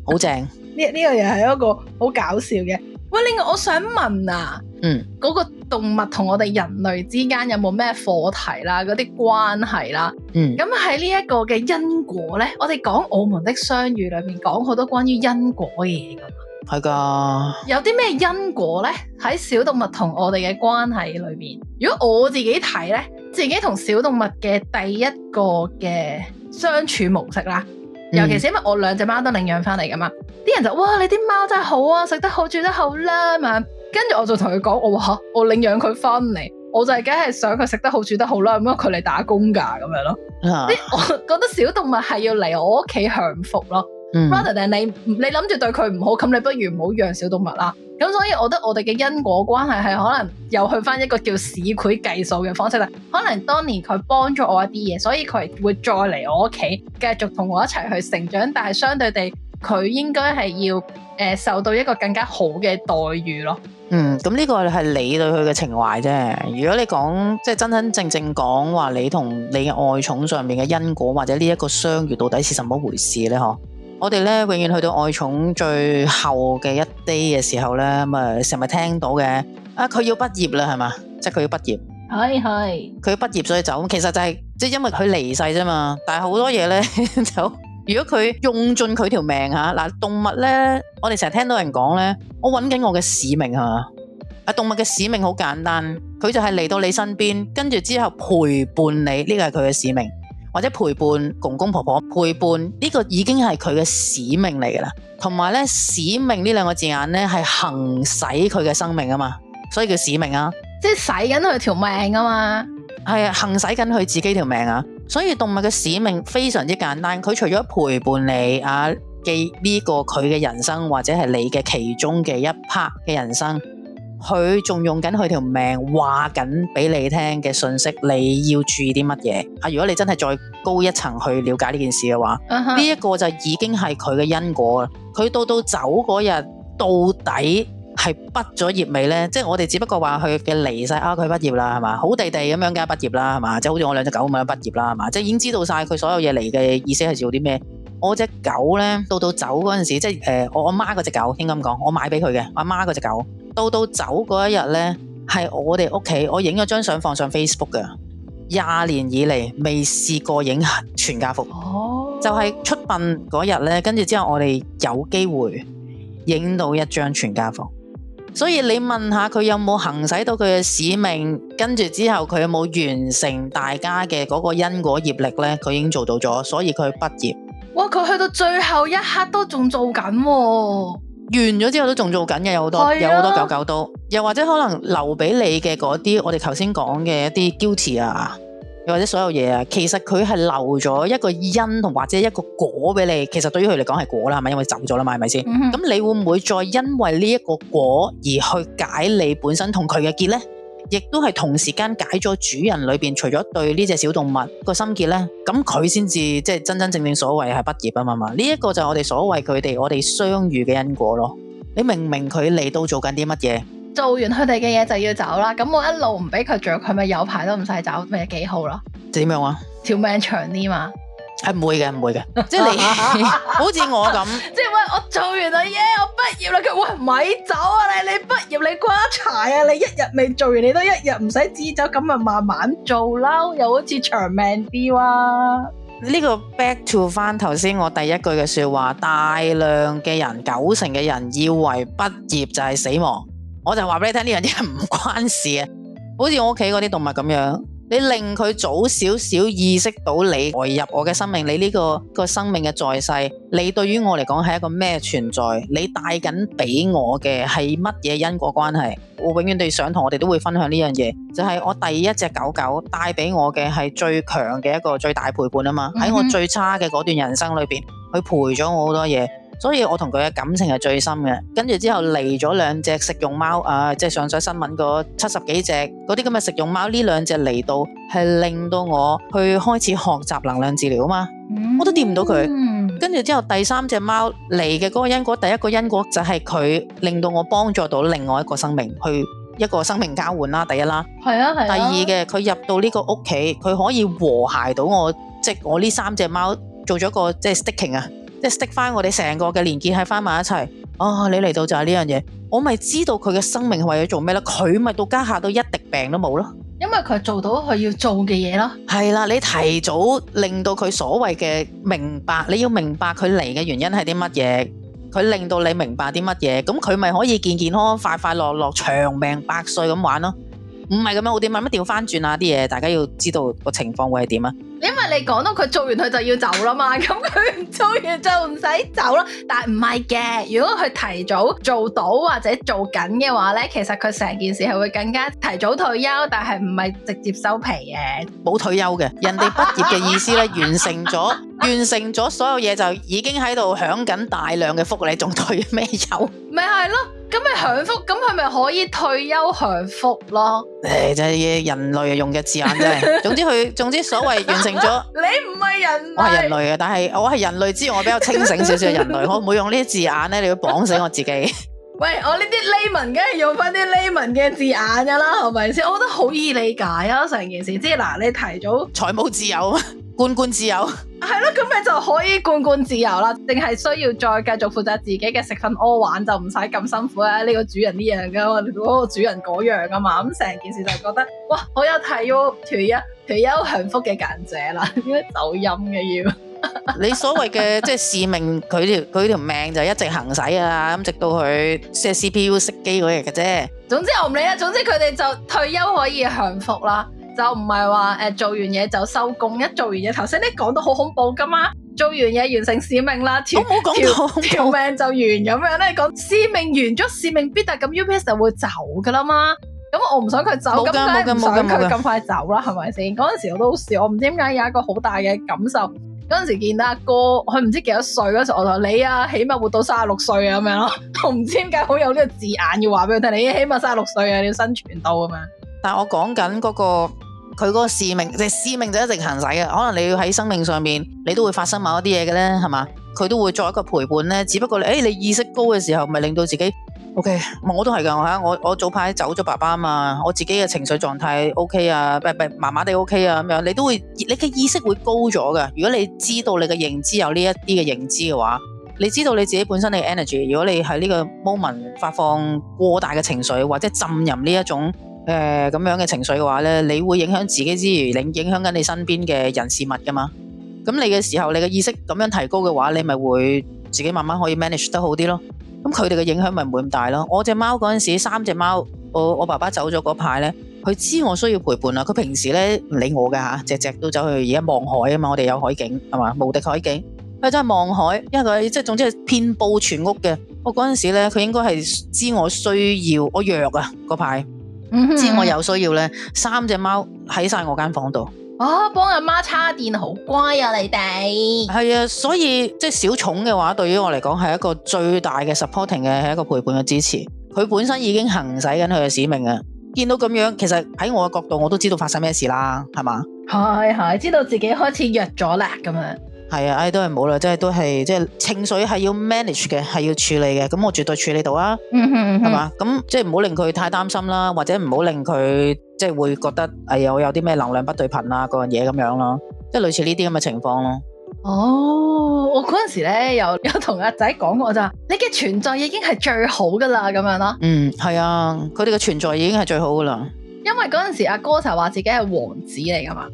好正， <laughs> 呢、這、呢個又係一個好搞笑嘅。喂，另外我想問啊。嗯，嗰個動物同我哋人類之間有冇咩課題啦，嗰啲關係啦，嗯，咁喺呢一個嘅因果咧，我哋講的我們的相遇裏面講好多關於因果嘅嘢噶嘛，係噶，有啲咩因果咧？喺小動物同我哋嘅關係裏邊，如果我自己睇咧，自己同小動物嘅第一個嘅相處模式啦，尤其是因為我兩隻貓都領養翻嚟噶嘛，啲、嗯、人就哇你啲貓真係好啊，食得好住得好啦咁啊。跟住我就同佢講，我話我領養佢翻嚟，我就梗係想佢食得好住得好啦。咁樣佢嚟打工㗎咁樣咯。啲、uh huh. 我覺得小動物係要嚟我屋企享福咯。Uh huh. rather than 你你諗住對佢唔好，咁你不如唔好養小動物啦。咁所以我覺得我哋嘅因果關係係可能又去翻一個叫市區計數嘅方式啦。可能當年佢幫咗我一啲嘢，所以佢會再嚟我屋企繼續同我一齊去成長，但係相對地。佢應該係要誒、呃、受到一個更加好嘅待遇咯。嗯，咁呢個係你對佢嘅情懷啫。如果你講即係真真正正講話，你同你嘅愛寵上面嘅因果，或者呢一個相遇到底係什麼回事呢？嗬，我哋呢永遠去到愛寵最後嘅一日嘅時候呢，咁啊成日聽到嘅啊，佢要畢業啦，係嘛？即係佢要畢業，係係是，佢要畢業所以走，其實就係即係因為佢離世啫嘛。但係好多嘢呢。就 <laughs> <laughs> ～如果佢用盡佢條命吓，嗱動物咧，我哋成日聽到人講咧，我揾緊我嘅使命係嘛？啊，動物嘅使命好簡單，佢就係嚟到你身邊，跟住之後陪伴你，呢個係佢嘅使命，或者陪伴公公婆婆，陪伴呢、這個已經係佢嘅使命嚟噶啦，同埋咧使命呢兩個字眼咧係行使佢嘅生命啊嘛，所以叫使命，使使命啊，即係使緊佢條命啊嘛，係啊，行使緊佢自己條命啊。所以動物嘅使命非常之簡單，佢除咗陪伴你啊記呢、這個佢嘅人生或者係你嘅其中嘅一 part 嘅人生，佢仲用緊佢條命話緊俾你聽嘅信息，你要注意啲乜嘢啊？如果你真係再高一層去了解呢件事嘅話，呢一、uh huh. 個就已經係佢嘅因果啦。佢到到走嗰日，到底。係畢咗業未呢？即係我哋只不過話佢嘅離世啊！佢畢業啦，係嘛？好地地咁樣梗係畢業啦，係嘛？即係好似我兩隻狗咁樣畢業啦，係嘛？即係已經知道晒佢所有嘢嚟嘅意思係做啲咩？我隻狗呢，到到走嗰陣時，即係、呃、我阿媽嗰隻狗，應該咁講，我買俾佢嘅阿媽嗰隻狗，到到走嗰一日呢，係我哋屋企，我影咗張相放上 Facebook 嘅廿年以嚟未試過影全家福，哦、就係出殯嗰日呢。跟住之後我哋有機會影到一張全家福。所以你問下佢有冇行使到佢嘅使命，跟住之後佢有冇完成大家嘅嗰個因果業力呢？佢已經做到咗，所以佢畢業。哇！佢去到最後一刻都仲做緊喎，完咗之後都仲做緊嘅，有好多有好多狗狗都。又或者可能留俾你嘅嗰啲，我哋頭先講嘅一啲 guilty 啊。又或者所有嘢啊，其實佢係留咗一個因同或者一個果俾你，其實對於佢嚟講係果啦，係咪因為走咗啦嘛？係咪先？咁、嗯、哼你會唔會再因為呢一個果而去解你本身同佢嘅結呢？亦都係同時間解咗主人裏邊除咗對呢隻小動物個心結呢？咁佢先至即係真真正正，正所謂係畢業啊嘛嘛。呢一、這個就係我哋所謂佢哋我哋相遇嘅因果咯。你明唔明佢嚟到做緊啲乜嘢？做完佢哋嘅嘢就要走啦。咁我一路唔俾佢着，佢咪有排都唔使走，咪幾好咯？點樣啊？條命長啲嘛？係唔、哎、會嘅，唔會嘅。 <laughs> 即係是你，好似我咁，即係喂，我做完啊嘢，yeah, 我畢業啦。佢喂咪走啊！你畢你畢業你瓜柴啊！你一日未做完，你都一日唔使住走。咁咪慢慢做啦，又好似長命啲啊。呢個 back to 翻頭先，我第一句嘅說話，大量嘅人，九成嘅人，以為畢業就係死亡。我就話俾你聽呢樣嘢唔關事啊，好似我屋企嗰啲動物咁樣，你令佢早少少意識到你來入我嘅生命，你呢、呢個、呢個生命嘅在世，你對於我嚟講係一個咩存在？你帶緊俾我嘅係乜嘢因果關係？我永遠地想同我哋都會分享呢樣嘢，就係、是、我第一隻狗狗帶俾我嘅係最強嘅一個最大陪伴啊嘛，喺我最差嘅嗰段人生裏邊，佢陪咗我好多嘢。所以我同佢嘅感情係最深嘅。跟住之後嚟咗兩隻食用貓啊，即係上咗新聞嗰七十幾隻嗰啲咁嘅食用貓，呢兩隻嚟到係令到我去開始學習能量治療啊嘛，嗯，我都掂唔到佢。跟住，嗯，之後第三隻貓嚟嘅嗰個因果，第一個因果就係佢令到我幫助到另外一個生命去一個生命交換啦，第一啦。係啊係啊。第二嘅佢入到呢個屋企，佢可以和諧到我，即係我呢三隻貓做咗一個即係 sticking 啊。就是 st aking, 即係 stick 翻我哋成個嘅連結喺翻埋一齊。哦、啊，你嚟到就係呢樣嘢，我咪知道佢嘅生命為咗做咩咯。佢咪到家下到一滴病都冇咯，因為佢做到佢要做嘅嘢咯。係啦，你提早令到佢所謂嘅明白，你要明白佢嚟嘅原因係啲乜嘢，佢令到你明白啲乜嘢，咁佢咪可以健健康康、快快樂樂、長命百歲咁玩咯。唔係咁樣好啲咩？乜掉翻轉啊啲嘢，大家要知道個情況會係點啊？因為你講到佢做完佢就要走啦嘛，咁佢做完就唔使走啦。但係唔係嘅，如果佢提早做到或者做緊嘅話咧，其實佢成件事係會更加提早退休，但係唔係直接收皮嘅，冇退休嘅。人哋畢業嘅意思咧，完成咗，完成咗所有嘢就已經喺度享緊大量嘅福利，仲退咩休？咪係咯。咁咪享福，咁佢咪可以退休享福咯？誒，就係人類用嘅字眼啫。總之佢，總之所謂完成咗。 <laughs> 你唔係人，我係人類啊。但係我係人類之餘，我比較清醒少少嘅人類， <laughs> 我唔會用呢啲字眼咧。你要綁死我自己。喂，我呢啲 layman 梗係用翻啲 layman 嘅字眼噶啦，係咪先？我覺得好易理解啊，成件事。即係嗱，你提早財務自由。罐罐自由，係咯， <laughs> 咁你就可以罐罐自由啦，定係需要再繼續負責自己嘅食飯屙玩，就唔使咁辛苦咧、啊。呢、這個主人呢樣噶、啊，嗰個主人嗰樣噶、啊、嘛，咁、嗯、成件事就覺得，哇，好有睇喎！退休退休享福嘅揀者啦， <laughs> 走音嘅的要，你所謂嘅即係使命，佢條佢條命就一直行使啊，咁直到佢 set CPU 熄機嗰日嘅啫。總之我唔理啦，總之佢哋就退休可以享福啦。就唔係話誒做完嘢就收工，一做完嘢頭先你講到好恐怖噶嘛？做完嘢完成使命啦，條條條命就完咁樣咧。講使命完咗，使命必達，咁 UPS 就會走噶啦嘛？咁我唔想佢走，咁梗係唔想佢咁快走啦，係咪先？嗰陣時我都好笑，我唔知點解有一個好大嘅感受。嗰陣時見到阿哥，佢唔知幾多歲嗰陣時候，我就話你啊，起碼活到三十六歲啊咁樣咯。 <laughs> 我唔知點解好有呢個字眼要話俾佢聽，你起碼三十六歲啊，你要生存到啊嘛。但係我講緊嗰個佢嗰個使命，即使命就一直行使嘅。可能你要喺生命上面，你都會發生某一啲嘢嘅咧，係嘛？佢都會作一個陪伴咧。只不過你誒，你意識高嘅時候，咪令到自己 OK。我都係噶，我吓我我早排走咗爸爸啊嘛，我自己嘅情緒狀態 OK 啊，麻麻地 O K 啊，咁樣你都會你嘅意識會高咗嘅。如果你知道你嘅認知有呢一啲嘅認知嘅話，你知道你自己本身嘅 energy。如果你喺呢個 moment 發放過大嘅情緒，或者浸淫呢一種。誒咁、呃、樣嘅情緒嘅話呢，你會影響自己之餘，你影響緊你身邊嘅人事物噶嘛？咁你嘅時候，你嘅意識咁樣提高嘅話，你咪會自己慢慢可以 manage 得好啲咯。咁佢哋嘅影響咪唔會咁大咯。我隻貓嗰陣時，三隻貓，我我爸爸走咗嗰排咧，佢知我需要陪伴啊。佢平時呢唔理我噶嚇，隻隻都走去，而家望海啊嘛。我哋有海景係嘛，無敵海景，佢真係望海，因為佢即係總之係遍佈全屋嘅。我嗰陣時咧，佢應該係知我需要我弱啊嗰排。知我、嗯、有需要咧，三隻貓喺晒我間房度。啊、哦，幫阿媽叉電好乖啊，你哋係啊，所以即係、就是、小寵嘅話，對於我嚟講係一個最大嘅 supporting 嘅係一個陪伴嘅支持。佢本身已經行使緊佢嘅使命啊！見到咁樣，其實喺我嘅角度，我都知道發生咩事啦，係嘛？係係，知道自己開始弱咗啦，咁樣。係啊，唉，都係冇啦，即係都係，即係情緒係要 manage 嘅，係要處理嘅。咁我絕對處理到啊，係嘛、嗯嗯？咁即係唔好令佢太擔心啦，或者唔好令佢即係會覺得，哎呀，我有啲咩能量不對頻啊嗰樣嘢咁樣咯，即係類似呢啲咁嘅情況咯。哦，我嗰陣時咧有有同阿仔講過咋，你嘅存在已經係最好噶啦，咁樣咯。嗯，係啊，佢哋嘅存在已經係最好噶啦。因為嗰陣時阿哥就話自己係王子嚟噶嘛，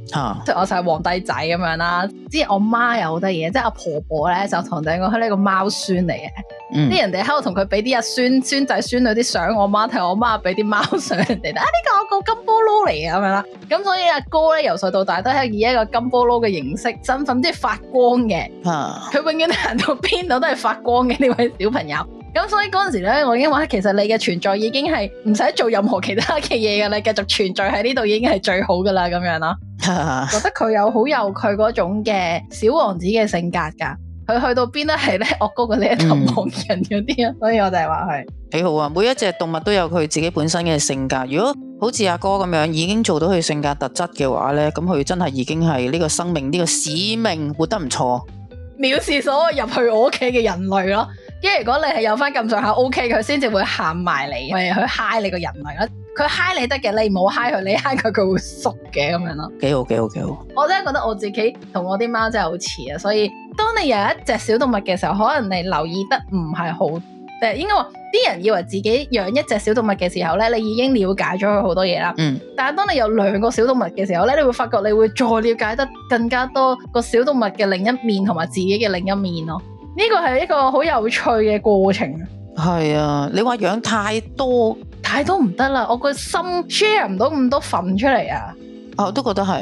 即係、啊、我就係皇帝仔咁樣啦。之後我媽有好多嘢，即係阿婆婆咧就同我講佢呢個貓孫嚟嘅。啲、嗯、人哋喺度同佢俾啲阿孫孫仔孫女啲相，我媽睇，我媽俾啲貓相人哋。啊，呢、呢個我個金菠蘿嚟嘅咁樣啦。咁所以阿哥咧由細到大都係以一個金菠蘿嘅形式，身份即係發光嘅。佢、啊、永遠都行到邊度都係發光嘅呢位小朋友。咁所以嗰陣時咧，我已經話，其實你嘅存在已經係唔使做任何其他嘅嘢噶。你繼續存在喺呢度已經係最好噶啦，咁樣咯。 <laughs> 覺得佢有好有佢嗰種嘅小王子嘅性格噶，佢去到邊咧係咧惡高過你一頭狼人嗰啲啊，嗯、所以我就係話係幾好啊。每一隻動物都有佢自己本身嘅性格。如果好似阿哥咁樣已經做到佢性格特質嘅話咧，咁佢真係已經係呢個生命呢、呢個使命活得唔錯。藐視所有入去我屋企嘅人類咯。因為如果你係有翻，咁上下，OK 佢先至會喊埋你，係佢嗨你個人嚟，佢嗨你得嘅，你唔好嗨佢，你嗨佢佢會縮嘅咁樣咯。幾好幾好幾好，我真係覺得我自己同我啲貓真係好似啊！所以當你有一隻小動物嘅時候，可能你留意得唔係好誒，應該話啲人以為自己養一隻小動物嘅時候咧，你已經了解咗佢好多嘢啦。嗯。但係當你有兩個小動物嘅時候咧，你會發覺你會再了解得更加多個小動物嘅另一面同埋自己嘅另一面咯。呢個係一個好有趣嘅過程啊！係啊，你話養太多太多唔得啦，我個心 share 唔到咁多份出嚟啊！我都覺得係，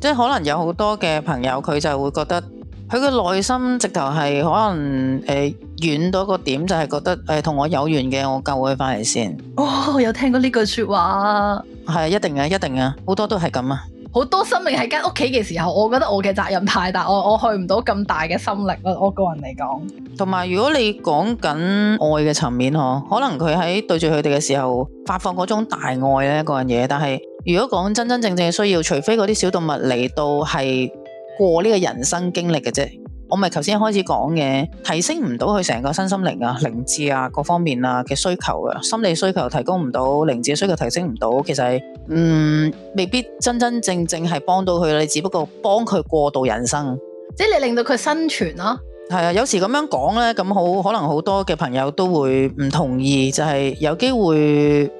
即係可能有好多嘅朋友佢就會覺得，佢個內心直頭係可能誒遠、呃、到一個點就係、是、覺得誒同、呃、我有緣嘅，我救佢翻嚟先。哦，我有聽過呢句說話啊！係啊，一定啊，一定啊，好多都係咁啊！好多生命喺間屋企嘅時候，我覺得我嘅責任太大，我我去唔到咁大嘅心力。我個人嚟講，同埋如果你講緊愛嘅層面，可能佢喺對住佢哋嘅時候發放嗰種大愛呢嗰樣嘢。但係如果講真真正正嘅需要，除非嗰啲小動物嚟到係過呢個人生經歷嘅啫。我咪頭先開始講嘅，提升唔到佢成個身心靈啊、靈智啊各方面啊嘅需求啊。心理需求提供唔到，靈智嘅需求提升唔到，其實嗯，未必真真正正係幫到佢。你只不過幫佢過渡人生，即係你令到佢生存咯、啊。係啊，有時咁樣講呢，咁好可能好多嘅朋友都會唔同意，就係、是、有機會。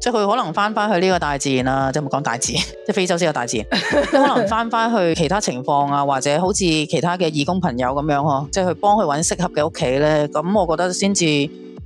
即係佢可能翻翻去呢個大自然啊，即係唔講大自然，即係非洲先有大自然，都 <laughs> 可能翻翻去其他情況啊，或者好似其他嘅義工朋友咁樣呵，即係去幫佢揾適合嘅屋企咧，咁我覺得先至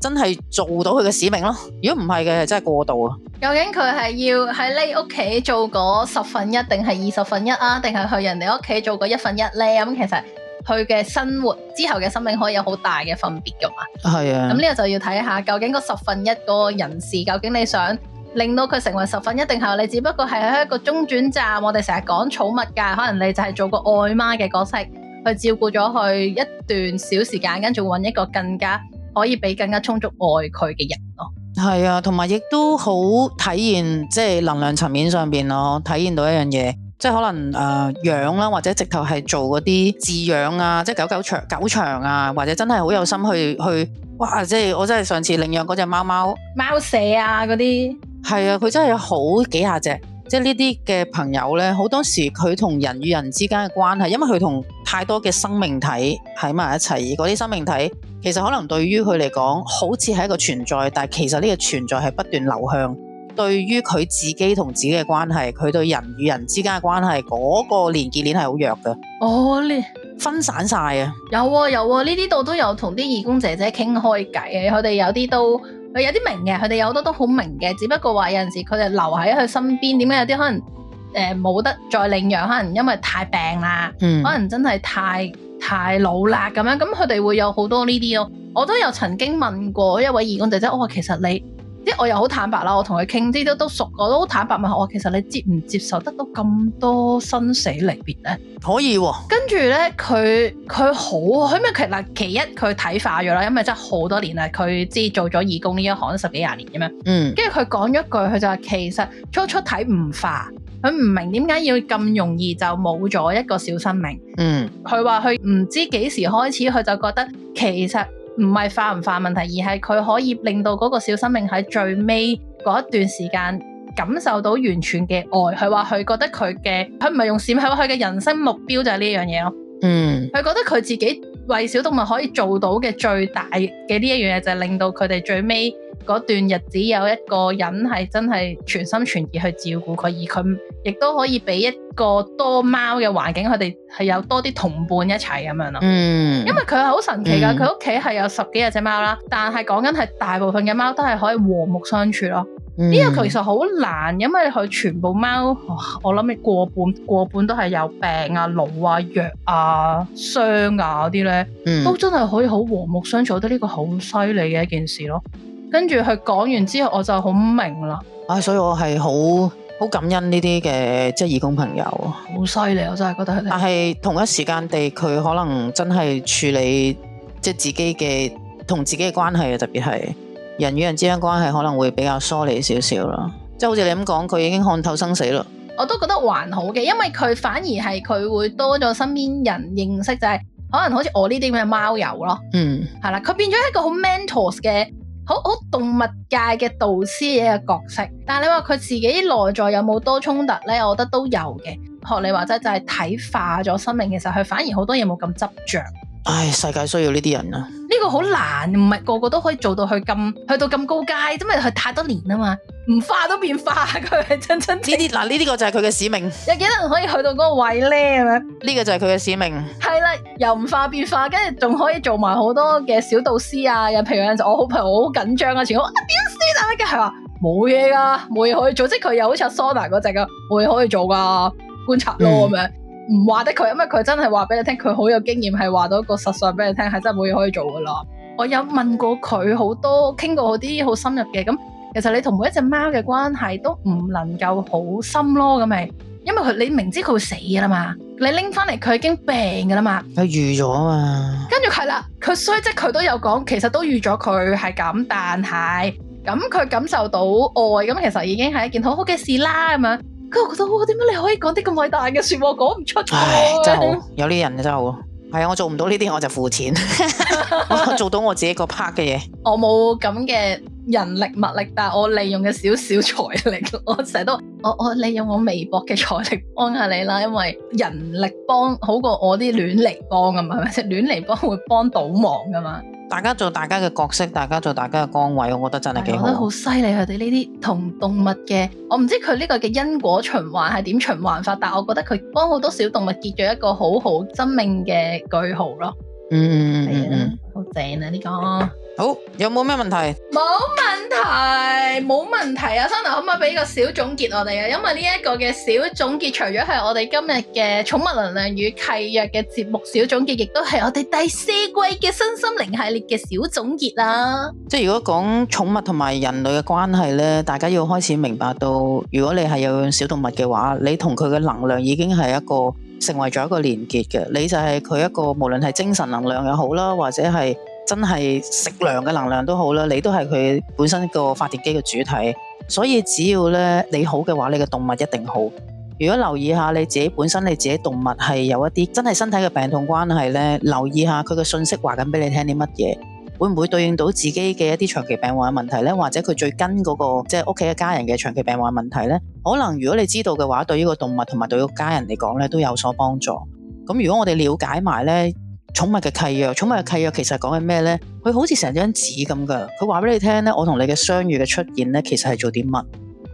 真係做到佢嘅使命咯。如果唔係嘅，真係過度啊。究竟佢係要喺呢屋企做嗰十分一定係二十分一啊，定係去人哋屋企做嗰一分一咧？咁其實。佢嘅生活之後嘅生命可以有好大嘅分別噶嘛？係啊，咁呢個就要睇下究竟嗰十分一嗰個人士，究竟你想令到佢成為十分一，定係你只不過係喺一個中轉站。我哋成日講寵物噶，可能你就係做個愛媽嘅角色去照顧咗佢一段小時間，跟住揾一個更加可以俾更加充足愛佢嘅人咯。係啊，同埋亦都好體現即係、就是、能量層面上邊咯，體現到一樣嘢。即係可能誒、呃、養啦，或者直頭係做嗰啲飼養啊，即係狗狗場、狗場啊，或者真係好有心去去，哇！即係我真係上次領養嗰隻貓貓、貓舍啊嗰啲，係啊，佢、啊、真係好幾下隻。即係呢啲嘅朋友呢，好多時佢同人與人之間嘅關係，因為佢同太多嘅生命體喺埋一齊，嗰啲生命體其實可能對於佢嚟講好似係一個存在，但係其實呢個存在係不斷流向。對於佢自己同自己嘅關係，佢對人與人之間嘅關係，嗰、那個連結鏈係好弱嘅。哦，呢分散晒啊！有啊有啊，呢啲度都有同啲義工姐姐傾開偈啊！佢哋有啲都有啲明嘅，佢哋有好多都好明嘅，只不過話有陣時佢哋留喺佢身邊，點解有啲可能誒冇、呃、得再領養？可能因為太病啦，嗯、可能真係太太老啦咁樣。咁佢哋會有好多呢啲咯。我都有曾經問過一位義工姐姐，我話其實你。即我又好坦白啦，我同佢傾啲都都熟，我都好坦白問佢，我其實你接唔接受得到咁多生死離別咧？可以啊。跟住咧，佢佢好，佢咩其實，其一佢睇化咗啦，因為真係好多年啦，佢知做咗義工呢一行十幾廿年咁樣。嗯。跟住佢講一句，佢就話其實初初睇唔化，佢唔明點解要咁容易就冇咗一個小生命。嗯。佢話佢唔知幾時開始，佢就覺得其實。唔係化唔化問題，而係佢可以令到嗰個小生命喺最尾嗰一段時間感受到完全嘅愛。佢話佢覺得佢嘅佢唔係用閃，佢話佢嘅人生目標就係呢一樣嘢咯。嗯，佢覺得佢自己為小動物可以做到嘅最大嘅呢一樣嘢，就係、是、令到佢哋最尾，嗰段日子有一個人係真係全心全意去照顧佢，而佢亦都可以俾一個多貓嘅環境，佢哋係有多啲同伴一齊咁樣咯。嗯，因為佢係好神奇噶，佢屋企係有十幾廿隻貓啦，但係講緊係大部分嘅貓都係可以和睦相處咯。呢、嗯、個其實好難，因為佢全部貓，我諗你過半過半都係有病啊、老啊、弱啊、傷啊嗰啲咧，嗯、都真係可以好和睦相處，得呢個好犀利嘅一件事咯。跟住佢講完之後，我就好唔明啦。唉、啊，所以我係好好感恩呢啲嘅即係義工朋友。好犀利，我真係覺得佢哋。但係同一時間地，佢可能真係處理即係自己嘅同自己嘅關係啊，特別係人與人之間關係可能會比較疏離少少啦。即係好似你咁講，佢已經看透生死咯。我都覺得還好嘅，因為佢反而係佢會多咗身邊人認識，就係、是、可能好似我呢啲咁嘅貓友咯。嗯，係啦，佢變咗一個好 mentors 嘅。好好動物界嘅導師嘅角色，但係你話佢自己內在有冇多衝突咧？我覺得都有嘅。學你話齋就係、是、睇化咗生命，其實佢反而好多嘢冇咁執着。唉，世界需要呢啲人啊！呢個好難，唔係個個都可以做到佢咁，去到咁高階，因為去太多年啊嘛。唔化都變化，佢係真真啲啲嗱，呢啲個就係佢嘅使命。有幾多人可以去到嗰個位咧？咁樣呢個就係佢嘅使命。係啦，又唔化變化，跟住仲可以做埋好多嘅小導師啊！有譬如有就陣，我好朋友好緊張啊，全部啊點算啊？跟住佢話冇嘢噶，冇嘢可以做，即佢又好似阿 Sona 嗰隻噶，冇嘢可以做噶，觀察咯咁樣。唔話、嗯、得佢，因為佢真係話俾你聽，佢好有經驗，係話到一個實相俾你聽，係真冇嘢可以做噶啦。我有問過佢好多，傾過好啲好深入嘅咁。其實你同每一隻貓嘅關係都唔能夠好深咯，咁咪，因為佢你明知佢會死㗎喇嘛，你拎翻嚟佢已經病㗎喇嘛，佢預咗啊嘛。跟住係啦，佢雖則佢都有講，其實都預咗佢係咁，但係咁佢感受到愛，咁其實已經係一件好好嘅事啦，咁樣。佢我覺得，哇，點解你可以講啲咁偉大嘅說話？講唔出唉，真係，有啲人真係好。係啊，我做唔到呢啲，我就付錢。 <laughs> 我做到我自己個 part 嘅嘢。 <laughs> 我冇咁嘅人力物力，但係我利用嘅少少財力，我成日都我我利用我微薄嘅財力幫下你啦。因為人力幫好過我啲亂嚟幫啊嘛，即係亂嚟幫會幫到忙噶嘛。是大家做大家嘅角色，大家做大家嘅崗位，我覺得真係幾好。我覺得好犀利佢哋呢啲同動物嘅，我唔知佢呢個嘅因果循環係點循環法，但我覺得佢幫好多小動物結咗一個好好生命嘅句號咯。嗯，嗯，嗯，好正啊！呢、這個好，有冇咩問題？冇問題，冇問題啊！Sona 可唔可以俾個小總結我哋啊？因為呢一個嘅小總結，除咗係我哋今日嘅寵物能量與契約嘅節目小總結，亦都係我哋第四季嘅身心靈系列嘅小總結啦。即係如果講寵物同埋人類嘅關係呢，大家要開始明白到，如果你係有小動物嘅話，你同佢嘅能量已經係一個。成為咗一個連結嘅，你就係佢一個無論係精神能量又好啦，或者係真係食糧嘅能量都好啦，你都係佢本身一個發電機嘅主體。所以只要咧你好嘅話，你嘅動物一定好。如果留意下你自己本身你自己動物係有一啲真係身體嘅病痛關係咧，留意下佢嘅信息，話緊俾你聽啲乜嘢。會唔會對應到自己嘅一啲長期病患嘅問題咧？或者佢最跟嗰個即係屋企一家人嘅長期病患嘅問題咧？可能如果你知道嘅話，對呢個動物同埋對個家人嚟講咧都有所幫助。咁如果我哋了解埋呢寵物嘅契約，寵物嘅契約其實講緊咩呢？佢好似成張紙咁噶。佢話俾你聽呢，我同你嘅相遇嘅出現呢，其實係做啲乜？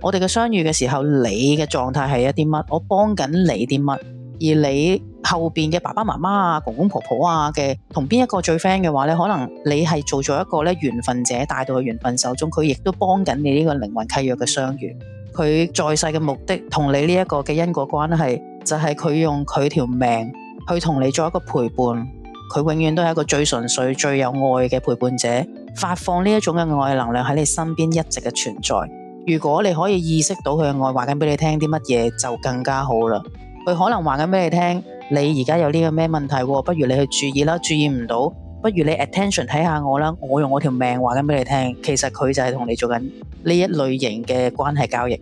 我哋嘅相遇嘅時候，你嘅狀態係一啲乜？我幫緊你啲乜？而你後邊嘅爸爸媽媽啊、公公婆婆啊嘅，同邊一個最 friend 嘅話咧，可能你係做咗一個咧緣分者帶到佢緣分手中，佢亦都幫緊你呢個靈魂契約嘅相遇。佢在世嘅目的同你呢一個嘅因果關係，就係、是、佢用佢條命去同你做一個陪伴。佢永遠都係一個最純粹、最有愛嘅陪伴者，發放呢一種嘅愛能量喺你身邊一直嘅存在。如果你可以意識到佢嘅愛，話緊俾你聽啲乜嘢，就更加好啦。佢可能話緊俾你聽，你而家有呢個咩問題喎？不如你去注意啦，注意唔到，不如你 attention 睇下我啦。我用我條命話緊俾你聽，其實佢就係同你做緊呢一類型嘅關係交易。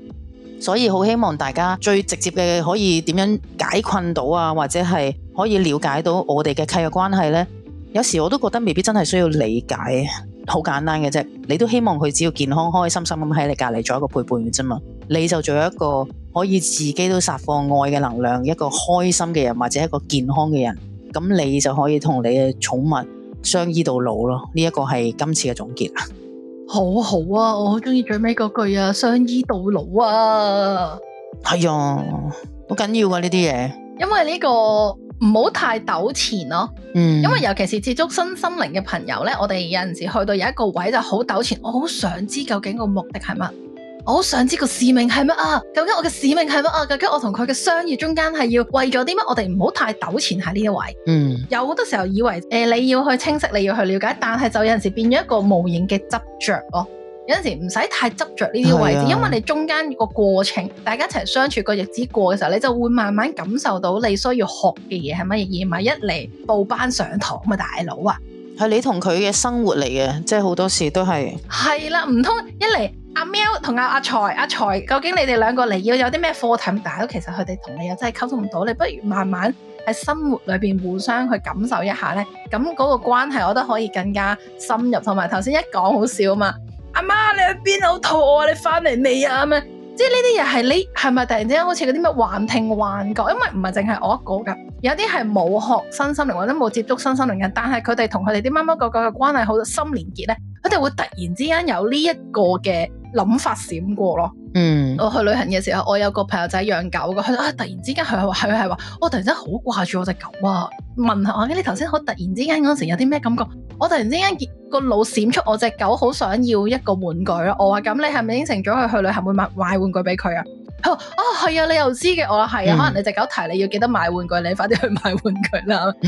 所以好希望大家最直接嘅可以點樣解困到啊，或者係可以了解到我哋嘅契約關係呢。有時我都覺得未必真係需要理解，好簡單嘅啫。你都希望佢只要健康開開心心咁喺你隔籬做一個陪伴嘅啫嘛，你就做一個。可以自己都撒放愛嘅能量，一個開心嘅人或者一個健康嘅人，咁你就可以同你嘅寵物相依到老咯。呢、這、一個係今次嘅總結啊！好好啊，我好中意最尾嗰句啊，相依到老啊，係、哎、啊，好緊要啊呢啲嘢，因為呢、這個唔好太糾纏咯。嗯，因為尤其是接觸身心靈嘅朋友呢，我哋有陣時去到有一個位就好糾纏，我好想知究竟個目的係乜。我好想知個使命係乜啊！究竟我嘅使命係乜啊？究竟我同佢嘅相遇中間係要為咗啲乜？我哋唔好太糾纏喺呢一位。嗯，有好多時候以為誒、呃、你要去清晰，你要去了解，但係就有陣時變咗一個無形嘅執着咯。有陣時唔使太執着呢啲位置，啊、因為你中間個過程，大家一齊相處個日子過嘅時候，你就會慢慢感受到你需要學嘅嘢係乜嘢。而唔係一嚟報班上堂咪大佬啊，係你同佢嘅生活嚟嘅，即係好多時都係係啦，唔通、啊、一嚟。阿喵同阿阿財，阿財，究竟你哋兩個嚟，要有啲咩課題？但係都其實佢哋同你又真係溝通唔到，你不如慢慢喺生活裏邊互相去感受一下咧，咁嗰個關係我都可以更加深入。同埋頭先一講好笑啊嘛，阿媽你去邊好肚餓，你翻嚟未啊？咁樣，即係呢啲又係你係咪突然之間好似嗰啲咩幻聽幻覺？因為唔係淨係我一個噶，有啲係冇學身心靈或者冇接觸身心靈嘅，但係佢哋同佢哋啲貓貓狗狗嘅關係好深連結咧，佢哋會突然之間有呢一個嘅。諗法閃過咯，嗯、我去旅行嘅時候，我有個朋友仔養狗嘅，佢啊突然之間佢係話佢係話，我、啊、突然之間好掛住我隻狗啊，問下我、啊，你頭先好突然之間嗰陣時有啲咩感覺？「我突然之間個、啊、腦閃出我隻狗好想要一個玩具咯，我話咁、啊啊、你係咪應承咗佢去去旅行會買壞玩具俾佢啊？哦，啊，係啊，你又知嘅，我係啊，可能你隻狗提，你要記得買玩具，你快啲去買玩具啦。 <laughs>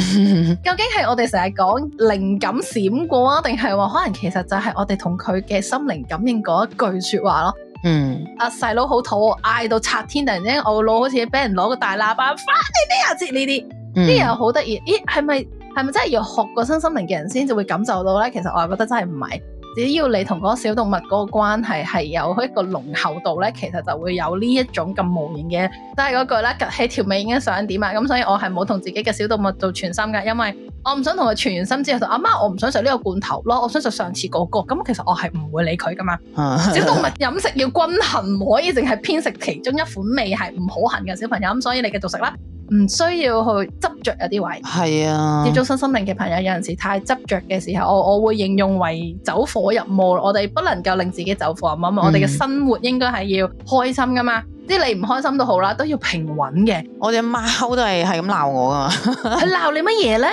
究竟係我哋成日講靈感閃過啊，定係話可能其實就係我哋同佢嘅心靈感應嗰一句說話咯。嗯，阿細佬好肚餓嗌到拆天啊，突然間我腦好似俾人攞個大喇叭，快嚟咩啊接呢啲，啲人好得意。咦，係咪係咪真係要學過新心靈嘅人先至會感受到咧？其實我係覺得真係唔係。只要你同嗰小動物嗰個關係係有一個濃厚度咧，其實就會有呢一種咁無形嘅，都係嗰句啦，趌起條尾已經想點啊！咁所以我係冇同自己嘅小動物做傳心嘅，因為我唔想同佢傳完心之後就阿媽我唔想食呢個罐頭咯，我想食上次嗰個。咁其實我係唔會理佢噶嘛。 <laughs> 小動物飲食要均衡，唔可以淨係偏食其中一款味係唔好痕嘅。小朋友，咁所以你繼續食啦。唔需要去執着。有啲位，係啊！接觸身心靈嘅朋友，有陣時太執着嘅時候，我我會形容為走火入魔。我哋不能夠令自己走火入魔、嗯。我哋嘅生活應該係要開心噶嘛，即係你唔開心都好啦，都要平穩嘅。 <laughs> 我隻貓都係係咁鬧我㗎嘛！佢鬧你乜嘢咧？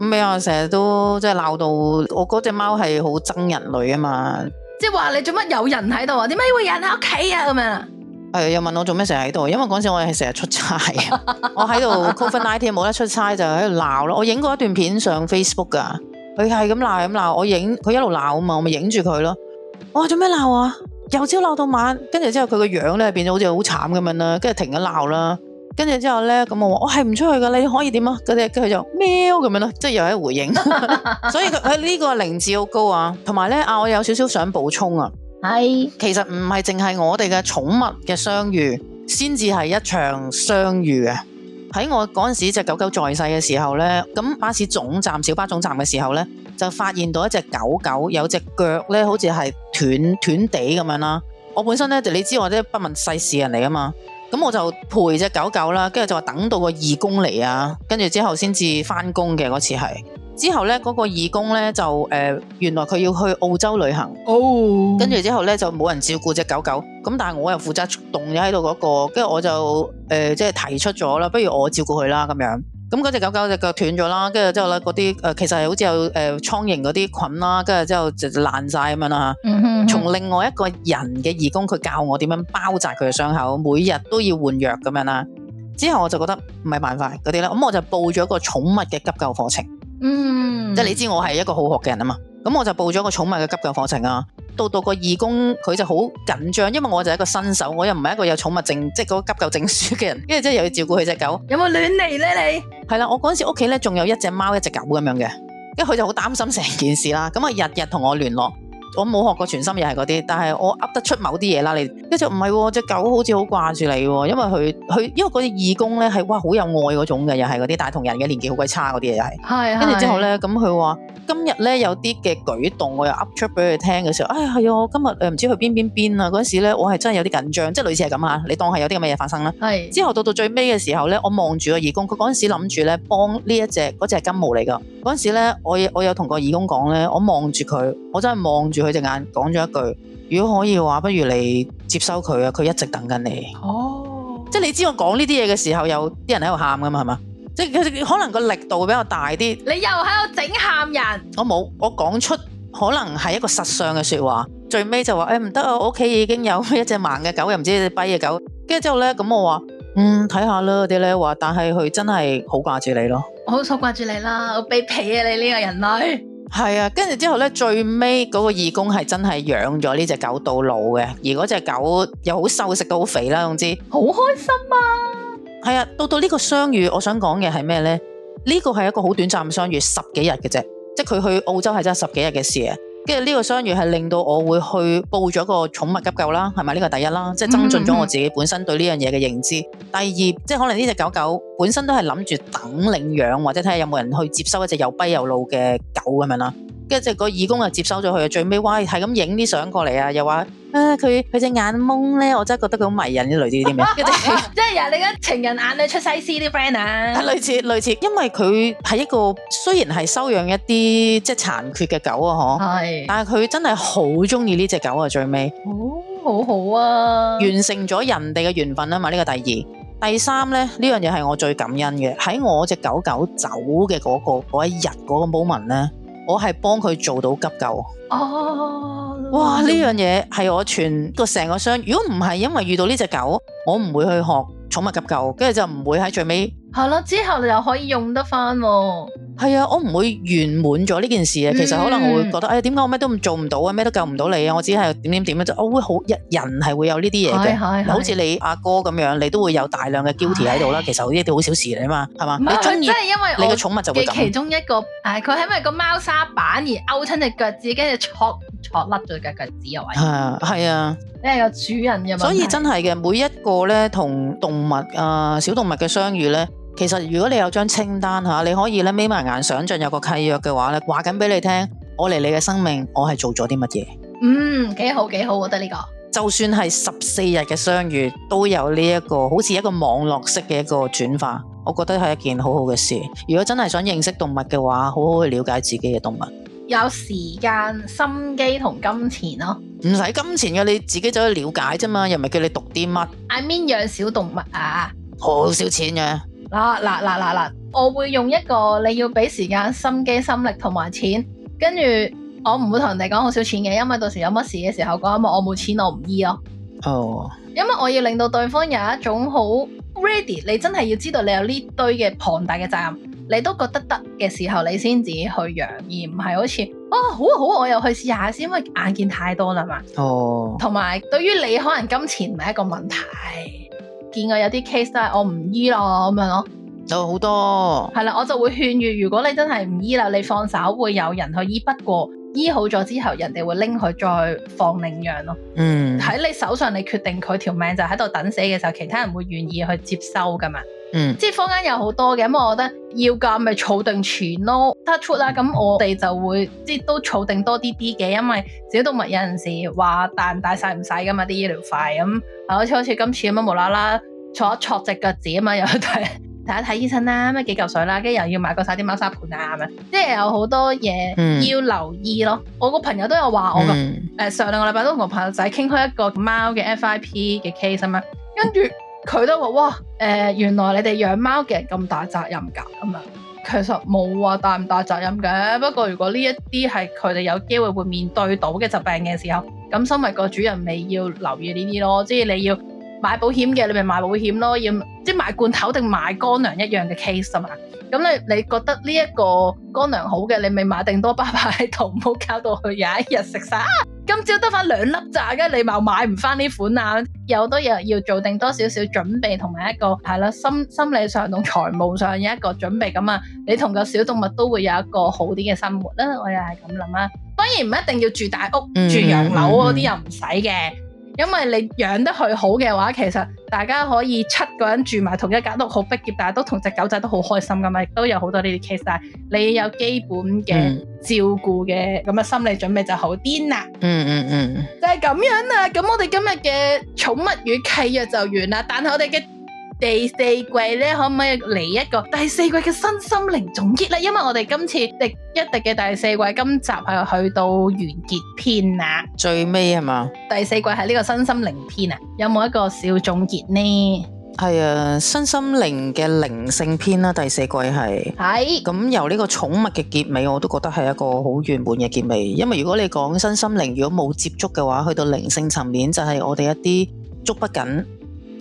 咩啊！成日都即係鬧到我嗰隻貓係好憎人類啊嘛！即係話你做乜有人喺度啊？點解會有人喺屋企啊？咁樣。誒，又問我做咩成日喺度？因為嗰陣時我哋係成日出差，我喺度 COVID 19嘅，冇得出差就喺度鬧咯。我影過一段片上 Facebook 噶，佢係咁鬧咁鬧，我影佢一路鬧啊嘛，我咪影住佢咯。我話做咩鬧啊？由朝鬧到晚，跟住之後佢個樣咧變咗好似好慘咁樣啦，跟住停咗鬧啦。跟住之後咧，咁我話我係唔出去噶，你可以點啊？跟住跟佢就喵咁樣咯，即係又喺度回應。 <laughs> 所以佢佢呢個靈智好高啊。同埋咧啊，我有少少想補充啊。係，其實唔係淨係我哋嘅寵物嘅相遇，先至係一場相遇啊。喺我嗰陣時隻狗狗在世嘅時候呢，咁巴士總站、小巴總站嘅時候呢，就發現到一隻狗狗有隻腳呢，好似係斷斷地咁樣啦。我本身呢，你知我啲不問世事人嚟啊嘛，咁我就陪隻狗狗啦，跟住就話等到個義工嚟啊，跟住之後先至翻工嘅嗰次係。之後咧，嗰、那個義工咧就誒、呃，原來佢要去澳洲旅行，oh. 跟住之後咧就冇人照顧隻狗狗，咁但係我又負責動咗喺度嗰個，跟住我就誒、呃，即係提出咗啦，不如我照顧佢啦咁樣。咁嗰隻狗狗隻腳斷咗啦，跟住之後咧嗰啲誒，其實係好似有誒蒼蠅嗰啲菌啦，跟、呃、住之後就爛晒咁樣啦吓。從、mm hmm. 另外一個人嘅義工，佢教我點樣包紮佢嘅傷口，每日都要換藥咁樣啦。之後我就覺得唔係辦法嗰啲啦，咁我就報咗一個寵物嘅急救課程。嗯，即係你知我係一個好學嘅人啊嘛，咁我就報咗個寵物嘅急救課程啊，到到個義工佢就好緊張，因為我就係一個新手，我又唔係一個有寵物證，即係嗰個急救證書嘅人，跟住即係又要照顧佢隻狗，有冇亂嚟咧你？係啦，我嗰陣時屋企咧仲有一隻貓一隻狗咁樣嘅，咁佢就好擔心成件事啦，咁啊日日同我聯絡。我冇學過傳心，又係嗰啲，但係我噏得出某啲嘢啦。你一、喔、隻唔係喎，隻狗好似好掛住你喎、喔，因為佢佢因為嗰啲義工咧係哇好有愛嗰種嘅，又係嗰啲，大同人嘅年紀好鬼差嗰啲嘢又係。係，跟住之後咧，咁佢話今日咧有啲嘅舉動，我又噏出俾佢聽嘅時候，哎係啊，我今日唔、呃、知去邊邊邊啊。嗰陣時咧，我係真係有啲緊張，即係類似係咁啊。你當係有啲咁嘅嘢發生啦。係。是 之後到到最尾嘅時候咧，我望住個義工，佢嗰陣時諗住咧幫呢一隻嗰隻金毛嚟㗎。嗰陣時咧，我我有同個義工講咧，我望住佢，我真係望住。住佢隻眼，講咗一句：如果可以嘅話，不如你接收佢啊！佢一直等緊你。哦，即係你知我講呢啲嘢嘅時候，有啲人喺度喊㗎嘛，係嘛？即係可能個力度會比較大啲。你又喺度整喊人？我冇，我講出可能係一個實相嘅説話，最尾就話：誒唔得啊！我屋企已經有一隻盲嘅狗，又唔知隻跛嘅狗。跟住之後咧，咁我話：嗯，睇下囉啲咧話，但係佢真係好掛住你咯。我好想掛住你啦！我好卑鄙啊你呢個人類。係啊，跟住之後咧，最尾嗰個義工係真係養咗呢隻狗到老嘅，而嗰隻狗又好瘦，食到好肥啦，總之好開心啊！係啊，到到呢個相遇，我想講嘅係咩咧？呢、這個係一個好短暫嘅相遇，十幾日嘅啫，即佢去澳洲係真係十幾日嘅事啊！跟住呢個相遇係令到我會去報咗個寵物急救啦，係咪？呢個第一啦，即係增進咗我自己本身對呢樣嘢嘅認知。嗯嗯、第二，即係可能呢隻狗狗本身都係諗住等領養，或者睇下有冇人去接收一隻又跛又老嘅狗咁樣啦。是跟住個義工又接收咗佢啊！最尾喂，係咁影啲相過嚟啊！又話啊，佢佢隻眼懵咧，我真係覺得佢好迷人，啲類，類，類似啲咩？即係即係人哋嘅情人眼裏出西施啲 friend 啊！類似類似，因為佢係一個雖然係收養一啲即係殘缺嘅狗啊，嗬是，係，但係佢真係好中意呢隻狗啊！最尾，哦，好好啊，完成咗人哋嘅緣分啊嘛！呢、這個第二、第三咧，呢樣嘢係我最感恩嘅。喺我隻狗狗走嘅嗰個嗰一日嗰個 moment 咧。我係幫佢做到急救。哦，哇！呢哇樣嘢係我全個成個箱。如果唔係因為遇到呢隻狗，我唔會去學寵物急救，跟住就唔會喺最尾。係啦、哦，之後你又可以用得返。係啊，我唔會圓滿咗呢件事啊。其實可能會覺得，哎呀，點解我咩都做唔到啊，咩都救唔到你啊。我只係點點點咁就，我會好人係會有呢啲嘢嘅。好似你阿哥咁樣，你都會有大量嘅 guilty 喺度啦。其實呢啲好小事嚟啊嘛，係嘛？你中意？你嘅寵物就會。其中一個，誒，佢係因為個貓砂板而勾親隻腳趾，跟住挫挫甩咗隻腳趾又係。係啊，係啊。你係個主人啊嘛。所以真係嘅，每一個咧同動物啊，小動物嘅相遇咧。其實如果你有張清單吓，你可以咧眯埋眼想象有個契約嘅話咧，話緊俾你聽，我嚟你嘅生命，我係做咗啲乜嘢？嗯，幾好幾好，我覺得呢個就算係十四日嘅相遇，都有呢一個好似一個網絡式嘅一個轉化，我覺得係一件好好嘅事。如果真係想認識動物嘅話，好好去了解自己嘅動物，有時間、心機同金錢咯、哦，唔使金錢嘅，你自己走去了解啫嘛，又唔係叫你讀啲乜。I mean 養小動物啊，好，好少錢嘅。嗱嗱嗱嗱嗱！我會用一個你要俾時間、心機、心力同埋錢，跟住我唔會同人哋講好少錢嘅，因為到時有乜事嘅時候講，咪我冇錢我唔醫咯。哦，oh. 因為我要令到對方有一種好 ready，你真係要知道你有呢堆嘅龐大嘅責任，你都覺得得嘅時候，你先至去養，而唔係好似哦、啊，好啊好啊，我又去試下先，因為眼見太多啦嘛。哦、oh.，同埋對於你可能金錢唔係一個問題。見過有啲 case 都係我唔醫咯，咁樣咯，有好多係啦，我就會勸喻，如果你真係唔醫啦，你放手會有人去醫，不過。醫好咗之後，人哋會拎佢再放領養咯。嗯，喺你手上，你決定佢條命就喺度等死嘅時候，其他人會願意去接收噶嘛？嗯，即係坊間有好多嘅，咁我覺得要噶咪儲定錢咯，得出啦。咁我哋就會即係都儲定多啲啲嘅，因為小動物有陣時話大唔大曬唔使噶嘛啲醫療費，咁係好似好似今次咁樣無啦啦坐一坐直腳趾啊嘛，又一對。睇一睇醫生啦，咩幾嚿水啦，跟住又要買過晒啲貓砂盤啊咁樣，即係有好多嘢要留意咯。嗯、我個朋友都有話我嘅，誒、嗯呃、上兩個禮拜都同個朋友仔傾開一個貓嘅 FIP 嘅 case 啊嘛，跟住佢都話：哇誒、呃，原來你哋養貓嘅人咁大責任㗎咁樣。其實冇話大唔大責任嘅，不過如果呢一啲係佢哋有機會會面對到嘅疾病嘅時候，咁身為個主人咪要留意呢啲咯，即係你要。買保險嘅，你咪買保險咯，要即係買罐頭定買乾糧一樣嘅 case 啊嘛。咁你你覺得呢一個乾糧好嘅，你咪買定多包擺喺度，唔好搞到佢有一日食晒。今朝得翻兩粒咋？咁你咪買唔翻呢款啊？有好多嘢要做，定多少少準備同埋一個係啦，心心理上同財務上有一個準備咁啊。你同個小動物都會有一個好啲嘅生活啦。我又係咁諗啦。當然唔一定要住大屋住洋樓嗰啲又唔使嘅。因為你養得佢好嘅話，其實大家可以七個人住埋同一間屋，好逼怯，但係都同隻狗仔都好開心噶嘛，亦都有好多呢啲 case 但係。你有基本嘅、嗯、照顧嘅咁嘅心理準備就好癲啦。嗯嗯嗯，就係咁樣啦、啊。咁我哋今日嘅寵物與契約就完啦。但係我哋嘅。第四季咧，可唔可以嚟一個第四季嘅身心靈總結咧？因為我哋今次迪一迪嘅第四季今集係去到完結篇啊，最尾係嘛？第四季係呢個身心靈篇啊，有冇一個小總結呢？係啊，身心靈嘅靈性篇啦，第四季係係咁由呢個寵物嘅結尾，我都覺得係一個好圓滿嘅結尾。因為如果你講身心靈，如果冇接觸嘅話，去到靈性層面就係我哋一啲捉不緊，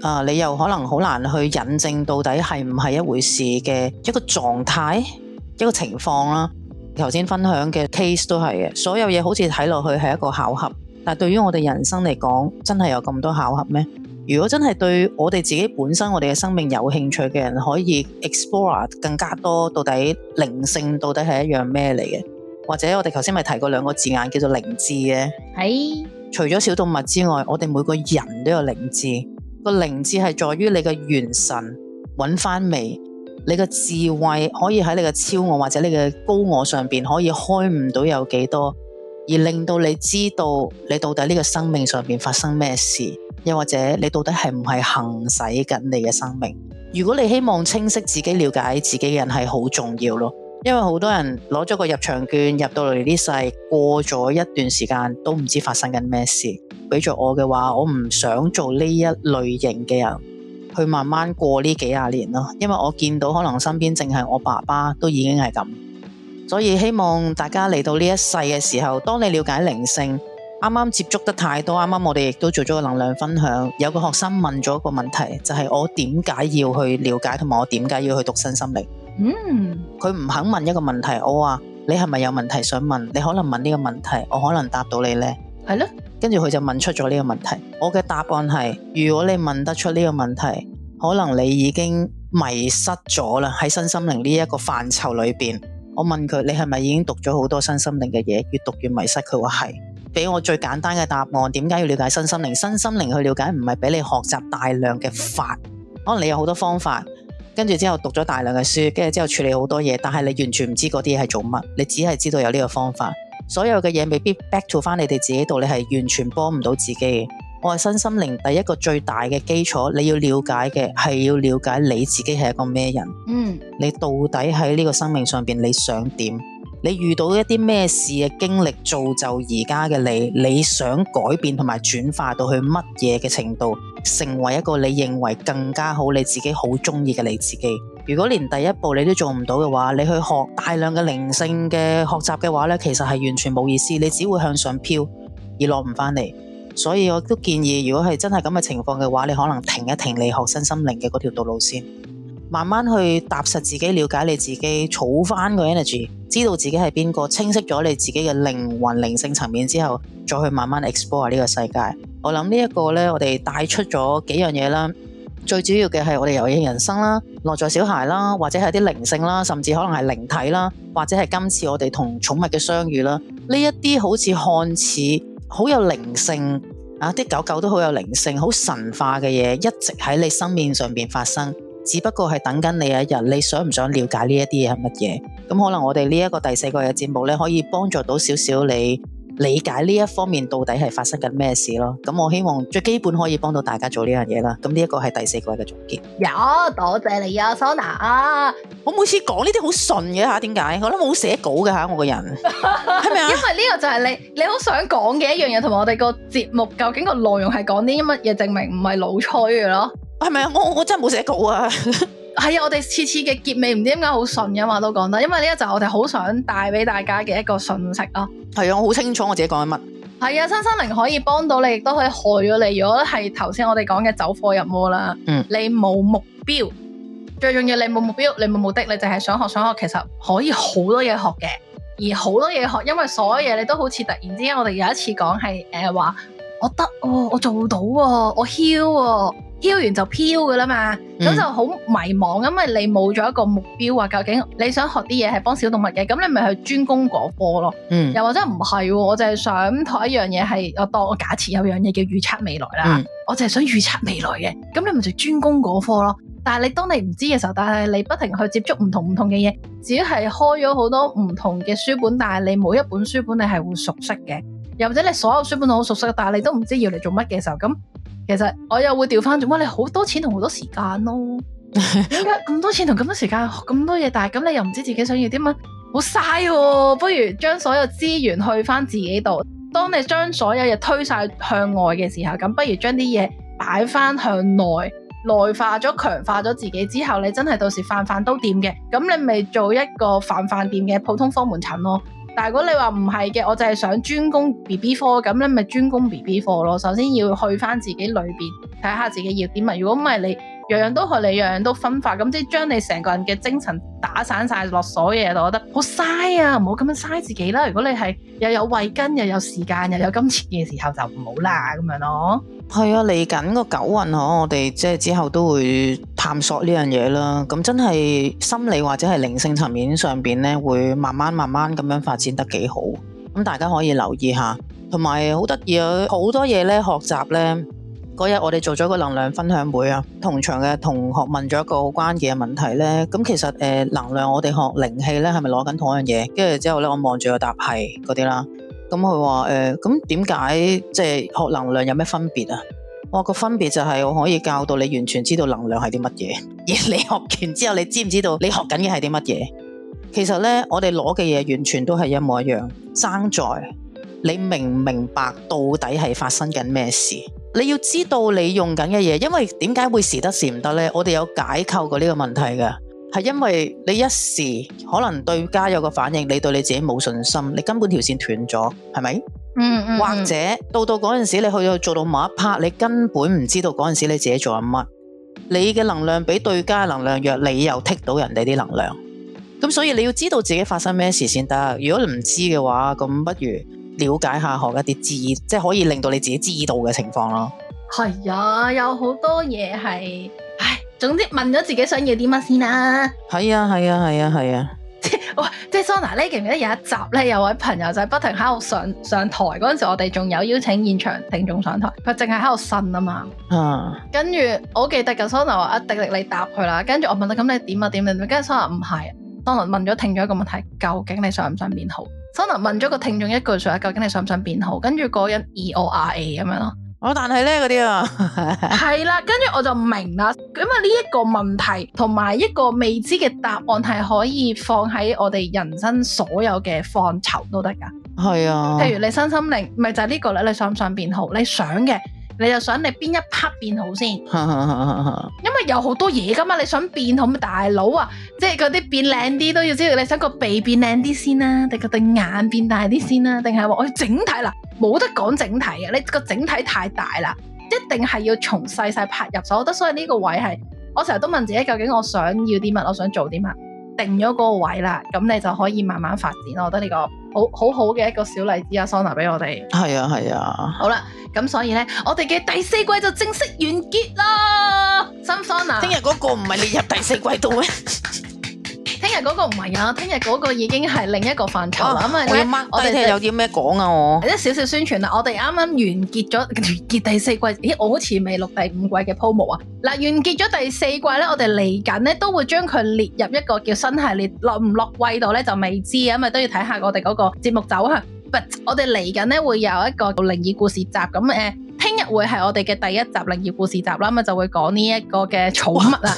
啊！你又可能好難去引證到底係唔係一回事嘅一個狀態一個情況啦，啊。頭先分享嘅 case 都係嘅，所有嘢好似睇落去係一個巧合。但係對於我哋人生嚟講，真係有咁多巧合咩？如果真係對我哋自己本身，我哋嘅生命有興趣嘅人，可以 explore 更加多，到底靈性到底係一樣咩嚟嘅？或者我哋頭先咪提過兩個字眼叫做靈智嘅？係是除咗小動物之外，我哋每個人都有靈智。個靈智係在於你嘅元神揾翻未？你嘅智慧可以喺你嘅超我或者你嘅高我上邊可以開唔到有幾多？而令到你知道你到底呢個生命上邊發生咩事？又或者你到底係唔係行使緊你嘅生命？如果你希望清晰自己了解自己嘅人，係好重要咯。因為好多人攞咗個入場券入到嚟呢世，過咗一段時間都唔知發生緊咩事。俾咗我嘅話，我唔想做呢一類型嘅人，去慢慢過呢幾廿年咯。因為我見到可能身邊淨係我爸爸都已經係咁，所以希望大家嚟到呢一世嘅時候，當你了解靈性，啱啱接觸得太多，啱啱我哋亦都做咗個能量分享，有個學生問咗個問題，就係我點解要去了解，同埋我點解要去讀身心靈？嗯，佢唔肯問一個問題，我話你係咪有問題想問？你可能問呢個問題，我可能答到你呢，係咯。跟住佢就問出咗呢個問題。我嘅答案係，如果你問得出呢個問題，可能你已經迷失咗啦喺身心靈呢一個範疇裏邊。我問佢，你係咪已經讀咗好多身心靈嘅嘢？越讀越迷失。佢話係，俾我最簡單嘅答案，點解要了解身心靈？身心靈去了解，唔係俾你學習大量嘅法，可能你有好多方法。跟住之後讀咗大量嘅書，跟住之後處理好多嘢，但係你完全唔知嗰啲嘢係做乜，你只係知道有呢個方法。所有嘅嘢未必 back to 翻你哋自己度，你係完全幫唔到自己嘅。我係身心靈第一個最大嘅基礎，你要了解嘅係要了解你自己係一個咩人。嗯，你到底喺呢個生命上邊你想點？你遇到一啲咩事嘅經歷造就而家嘅你，你想改變同埋轉化到去乜嘢嘅程度，成為一個你認為更加好、你自己好中意嘅你自己。如果連第一步你都做唔到嘅話，你去學大量嘅靈性嘅學習嘅話咧，其實係完全冇意思，你只會向上飄而落唔翻嚟。所以我都建議，如果係真係咁嘅情況嘅話，你可能停一停，你學身心靈嘅嗰條道路先，慢慢去踏實自己，了解你自己，儲翻個 energy。知道自己係邊個，清晰咗你自己嘅靈魂、靈性層面之後，再去慢慢 explore 下呢個世界。我諗呢一個呢，我哋帶出咗幾樣嘢啦。最主要嘅係我哋遊戲人生啦，落在小孩啦，或者係啲靈性啦，甚至可能係靈體啦，或者係今次我哋同寵物嘅相遇啦。呢一啲好似看似好有靈性啊，啲狗狗都好有靈性，好神化嘅嘢，一直喺你心面上邊發生。只不過係等緊你一日，你想唔想了解呢一啲嘢係乜嘢？咁可能我哋呢一個第四季嘅節目咧可以幫助到少少你理解呢一方面到底係發生緊咩事咯。咁我希望最基本可以幫到大家做呢樣嘢啦。咁呢一個係第四季嘅總結。有，多謝你啊，Sona 啊！我每次講呢啲好順嘅吓，點解？我都冇好寫稿嘅吓，我個人係咪 <laughs> 啊？因為呢個就係你你好想講嘅一樣嘢，同我哋個節目究竟個內容係講啲乜嘢，證明唔係老吹嘅咯。係咪啊？我我真係冇寫稿啊！係 <laughs> 啊，我哋次次嘅結尾唔知點解好順噶嘛，都講得，因為呢一集我哋好想帶俾大家嘅一個信息咯。係啊，我好清楚我自己講緊乜。係啊，身心靈可以幫到你，亦都可以害咗你。如果係頭先我哋講嘅走火入魔啦，嗯、你冇目標，最重要你冇目標，你冇目的，你就係想學想學，想學其實可以好多嘢學嘅，而好多嘢學，因為所有嘢你都好似突然之間，我哋有一次講係誒話，我得我做到哦、啊，我囂、啊。我飄完就飄噶啦嘛，咁就好迷茫，咁咪你冇咗一個目標啊？究竟你想學啲嘢係幫小動物嘅，咁你咪去專攻嗰科咯。嗯，又或者唔係，我就係想同一樣嘢係，我當我假設有樣嘢叫預測未來啦，嗯、我就係想預測未來嘅，咁你咪就專攻嗰科咯。但係你當你唔知嘅時候，但係你不停去接觸唔同唔同嘅嘢，只係開咗好多唔同嘅書本，但係你冇一本書本你係會熟悉嘅，又或者你所有書本都好熟悉，但係你都唔知要嚟做乜嘅時候，咁。其實我又會調翻轉，哇，你好多錢同好多時間咯，啊，點解咁多錢同咁多時間咁、哦、多嘢，但係咁你又唔知自己想要啲乜，好嘥喎。不如將所有資源去翻自己度。當你將所有嘢推晒向外嘅時候，咁不如將啲嘢擺翻向內，內化咗強化咗自己之後，你真係到時飯飯都掂嘅。咁你咪做一個飯飯店嘅普通科門診咯。但如果你話唔係嘅，我就係想專攻 B B 科。咁你咪專攻 B B 科咯。首先要去返自己裏邊睇下自己要點呀。如果唔係你樣樣都去，你樣樣都分化，咁即係將你成個人嘅精神打散晒落所有嘢，我覺得好嘥啊！唔好咁樣嘥自己啦。如果你係又有慧根，又有時間，又有金錢嘅時候就，就唔好啦咁樣咯。係啊，嚟緊個九運嗬，我哋即係之後都會探索呢樣嘢啦。咁真係心理或者係靈性層面上邊咧，會慢慢慢慢咁樣發展得幾好。咁大家可以留意下，同埋好得意啊，好多嘢咧學習咧。嗰日我哋做咗個能量分享會啊，同場嘅同學問咗一個好關鍵嘅問題咧。咁其實誒，能量我哋學靈氣咧，係咪攞緊同一樣嘢？跟住之後咧，我望住個答係嗰啲啦。咁佢話誒，咁點解即係學能量有咩分別啊？我話個分別就係我可以教到你完全知道能量係啲乜嘢。而 <laughs> 你學完之後，你知唔知道你學緊嘅係啲乜嘢？其實呢，我哋攞嘅嘢完全都係一模一樣。爭在你明唔明白到底係發生緊咩事？你要知道你用緊嘅嘢，因為點解會時得時唔得呢？我哋有解構過呢個問題㗎。係因為你一時可能對家有個反應，你對你自己冇信心，你根本條線斷咗，係咪？嗯嗯。或者到到嗰陣時，你去到做到某一 part，你根本唔知道嗰陣時你自己做緊乜，你嘅能量比對家能量弱，你又剔到人哋啲能量。咁所以你要知道自己發生咩事先得。如果唔知嘅話，咁不如了解下學一啲知，即係可以令到你自己知道嘅情況咯。係啊，有好多嘢係。總之問咗自己想要啲乜先啦。係啊，係啊，係啊，係啊。 <music> 即係即係，sona 咧，記唔記得有一集咧，有位朋友就係不停喺度上上台嗰陣時，我哋仲有邀請現場聽眾上台，佢淨係喺度呻啊嘛。 <music> A, A, 啊，啊，跟住我記得噶 sona 話阿迪迪，你答佢啦。跟住我問到咁你點啊點你？」跟住 sona 唔係，sona 問咗聽咗一個問題，究竟你想唔想變好？sona 問咗個聽眾一句說話，究竟你想唔想變好？跟住嗰人 E O R A 咁樣咯。但係呢嗰啲啊，係 <laughs> 啦，跟住我就明啦。因為，呢一個問題同埋一個未知嘅答案係可以放喺我哋人生所有嘅範疇都得噶。係啊的，譬如你身心靈，咪就係呢，這個啦。你想唔想變好？你想嘅。你就想你邊一 part 變好先， <laughs> 因為有好多嘢噶嘛，你想變好咩大佬啊，即係嗰啲變靚啲都要知道，你想個鼻變靚啲先啦，啊，定佢對眼變大啲先啦，啊，定係話我要整體啦，冇得講整體啊，你個整體太大啦，一定係要從細細 part 入手。我覺得，所以呢個位係我成日都問自己究竟我想要啲乜，我想做啲乜，定咗嗰個位啦，咁你就可以慢慢發展，我覺得呢個。好，好好好嘅一個小例子啊 Sona 俾我哋。係啊係啊，啊好啦，咁所以咧，我哋嘅第四季就正式完結啦，心 Sona，聽日嗰個唔係列入第四季度咩？ <laughs> 嗰個唔係啊，聽日嗰個已經係另一個範疇啊嘛。我要掹，我哋聽日有啲咩講啊我？一少少宣傳啦，我哋啱啱完結咗完結第四季，咦，我好似未錄第五季嘅鋪幕啊！嗱，完結咗第四季咧，我哋嚟緊咧都會將佢列入一個叫新系列，落唔落位度咧就未知啊嘛，都要睇下我哋嗰個節目走向。But 我哋嚟緊咧會有一個靈異故事集，咁誒，聽日會係我哋嘅第一集靈異故事集啦，咁啊就會講呢一個嘅寵物啊。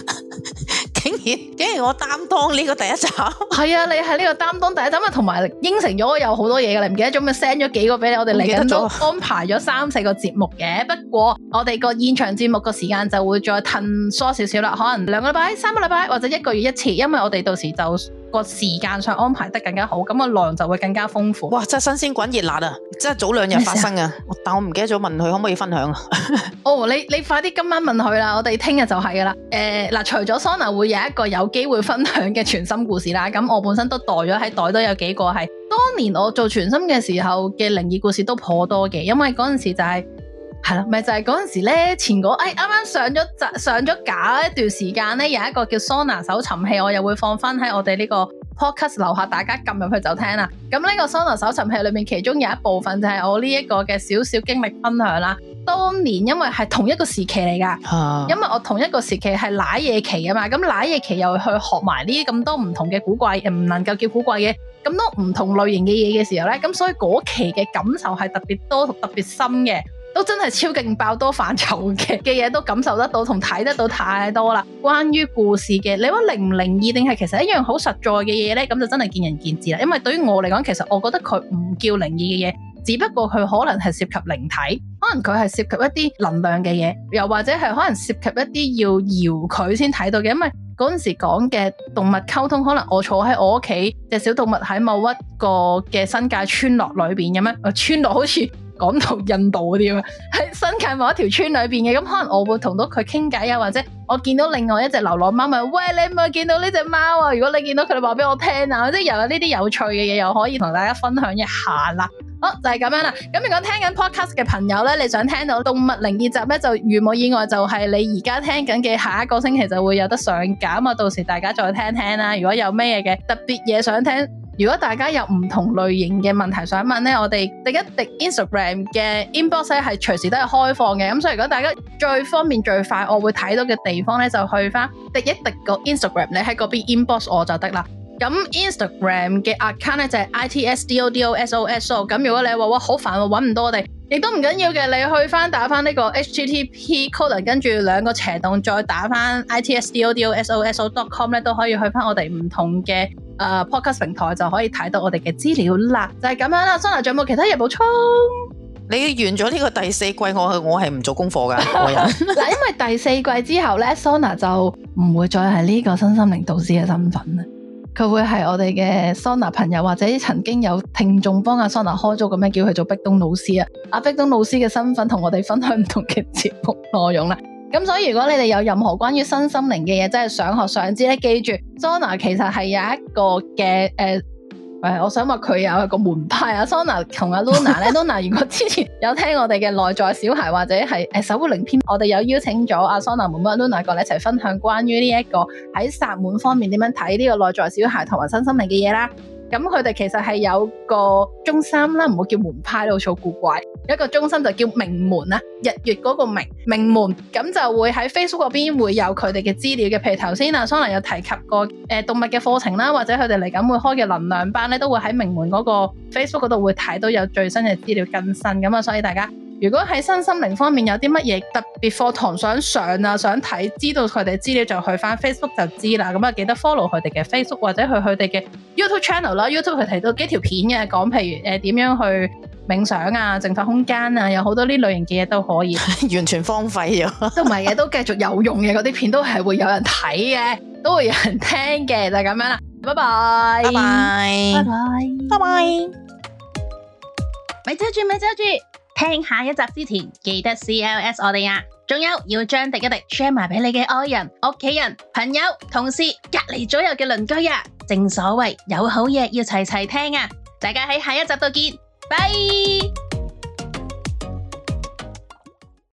竟然竟然我擔當呢個第一集，係 <laughs> 啊，你喺呢個擔當第一集咪同埋應承咗我有好多嘢嘅，你唔記得咗咪 send 咗幾個俾你，我哋嚟緊都安排咗三四個節目嘅。不過我哋個現場節目個時間就會再褪縮少少啦，可能兩個禮拜、三個禮拜或者一個月一次，因為我哋到時就。個時間上安排得更加好，咁個內容就會更加豐富。哇！真係新鮮滾熱辣啊！真係早兩日發生啊！但我唔記得咗問佢可唔可以分享啊？ <laughs> 哦，你你快啲今晚問佢啦！我哋聽日就係噶啦。誒，嗱，除咗 Sona 會有一個有機會分享嘅全新故事啦，咁我本身都袋咗喺袋，都有幾個係當年我做全新嘅時候嘅靈異故事都頗多嘅，因為嗰陣時就係、是。係啦，咪就係嗰陣時咧，前嗰誒啱啱上咗上咗假一段時間咧，有一個叫 Sona 搜尋器，我又會放翻喺我哋呢個 podcast 樓下，大家撳入去就聽啦。咁呢個 Sona 搜尋器裏面，其中有一部分就係我呢一個嘅少少經歷分享啦。當年因為係同一個時期嚟噶，啊、因為我同一個時期係瀨夜期啊嘛，咁瀨夜期又去學埋呢啲咁多唔同嘅古怪，唔能夠叫古怪嘢。咁多唔同類型嘅嘢嘅時候咧，咁所以嗰期嘅感受係特別多、特別深嘅。都真係超勁爆多，多範疇嘅嘅嘢，都感受得到同睇得到太多啦。關於故事嘅，你話靈唔靈異，定係其實一樣好實在嘅嘢呢？咁就真係見仁見智啦。因為對於我嚟講，其實我覺得佢唔叫靈異嘅嘢，只不過佢可能係涉及靈體，可能佢係涉及一啲能量嘅嘢，又或者係可能涉及一啲要搖佢先睇到嘅。因為嗰陣時講嘅動物溝通，可能我坐喺我屋企隻小動物喺某一個嘅新界村落裏邊咁樣，村落好似。講到印度嗰啲咁喺新界某一條村裏邊嘅，咁可能我會同到佢傾偈啊，或者我見到另外一隻流浪貓咪，喂，你唔係見到呢隻貓啊，如果你見到佢，你話俾我聽啊，即係又有呢啲有趣嘅嘢，又可以同大家分享一下啦。好，就係咁樣啦。咁如果聽緊 podcast 嘅朋友咧，你想聽到動物靈異集咧，就如冇意外就係你而家聽緊嘅，下一個星期就會有得上架啊，到時大家再聽聽啦。如果有咩嘢嘅特別嘢想聽。如果大家有唔同類型嘅問題想問呢，我哋迪一迪 Instagram 嘅 inbox 咧係隨時都係開放嘅。咁所以如果大家最方便最快我會睇到嘅地方咧，就去翻迪一迪個 Instagram，你喺嗰邊 inbox 我就得啦。咁 Instagram 嘅 account 咧就係 itsdodososo。咁如果你話哇好煩喎，揾唔到我哋，亦都唔緊要嘅。你去翻打翻呢個 http code，跟住兩個斜洞，再打翻 itsdodososo.com 咧，都可以去翻我哋唔同嘅。啊、uh，podcast 平台就可以睇到我哋嘅資料啦，就係、是、咁樣啦。Sona 仲有冇其他嘢補充？你完咗呢個第四季，我係我係唔做功課噶個人。嗱， <laughs> <laughs> 因為第四季之後咧，Sona 就唔會再係呢個身心靈導師嘅身份啦，佢會係我哋嘅 Sona 朋友或者曾經有聽眾幫阿 Sona 開咗個名叫佢做碧咚老師啊，阿碧咚老師嘅身份同我哋分享唔同嘅節目內容啦。咁所以如果你哋有任何關於身心靈嘅嘢，真係想學想知咧，記住，Sona 其實係有一個嘅誒誒，我想話佢有一個門派啊。Sona 同阿 Luna 咧 <laughs> ，Luna 如果之前有聽我哋嘅內在小孩或者係誒守護靈篇，我哋有邀請咗阿 Sona 妹妹同埋 Luna 哥咧一齊分享關於呢、這、一個喺薩滿方面點樣睇呢個內在小孩同埋身心靈嘅嘢啦。咁佢哋其實係有個中心啦，唔好叫門派都好粗古怪。有一個中心就叫明門啦，日月嗰個名明門，咁就會喺 Facebook 嗰邊會有佢哋嘅資料嘅。譬如頭先阿 Sona 有提及過誒動物嘅課程啦，或者佢哋嚟緊會開嘅能量班咧，都會喺明門嗰個 Facebook 嗰度會睇到有最新嘅資料更新咁啊，所以大家。如果喺身心靈方面有啲乜嘢特別課堂想上啊，想睇，知道佢哋資料就去返 Facebook 就知啦。咁啊，記得 follow 佢哋嘅 Facebook 或者去佢哋嘅 YouTube channel 啦。YouTube 佢提到幾條片嘅，講譬如誒點、呃、樣去冥想啊、淨化空間啊，有好多呢類型嘅嘢都可以。 <laughs> 完全荒廢咗。都唔係嘅，都繼續有用嘅嗰啲片都係會有人睇嘅，都會有人聽嘅，就咁、是、樣啦。拜拜，拜拜，拜拜，拜拜。唔好走遠，唔好走聽下一集之前，記得 C L S 我哋啊，仲有要將迪一迪 share 埋俾你嘅愛人、屋企人、朋友、同事、隔籬左右嘅鄰居啊！正所謂有好嘢要齊齊聽啊！大家喺下一集度見，拜。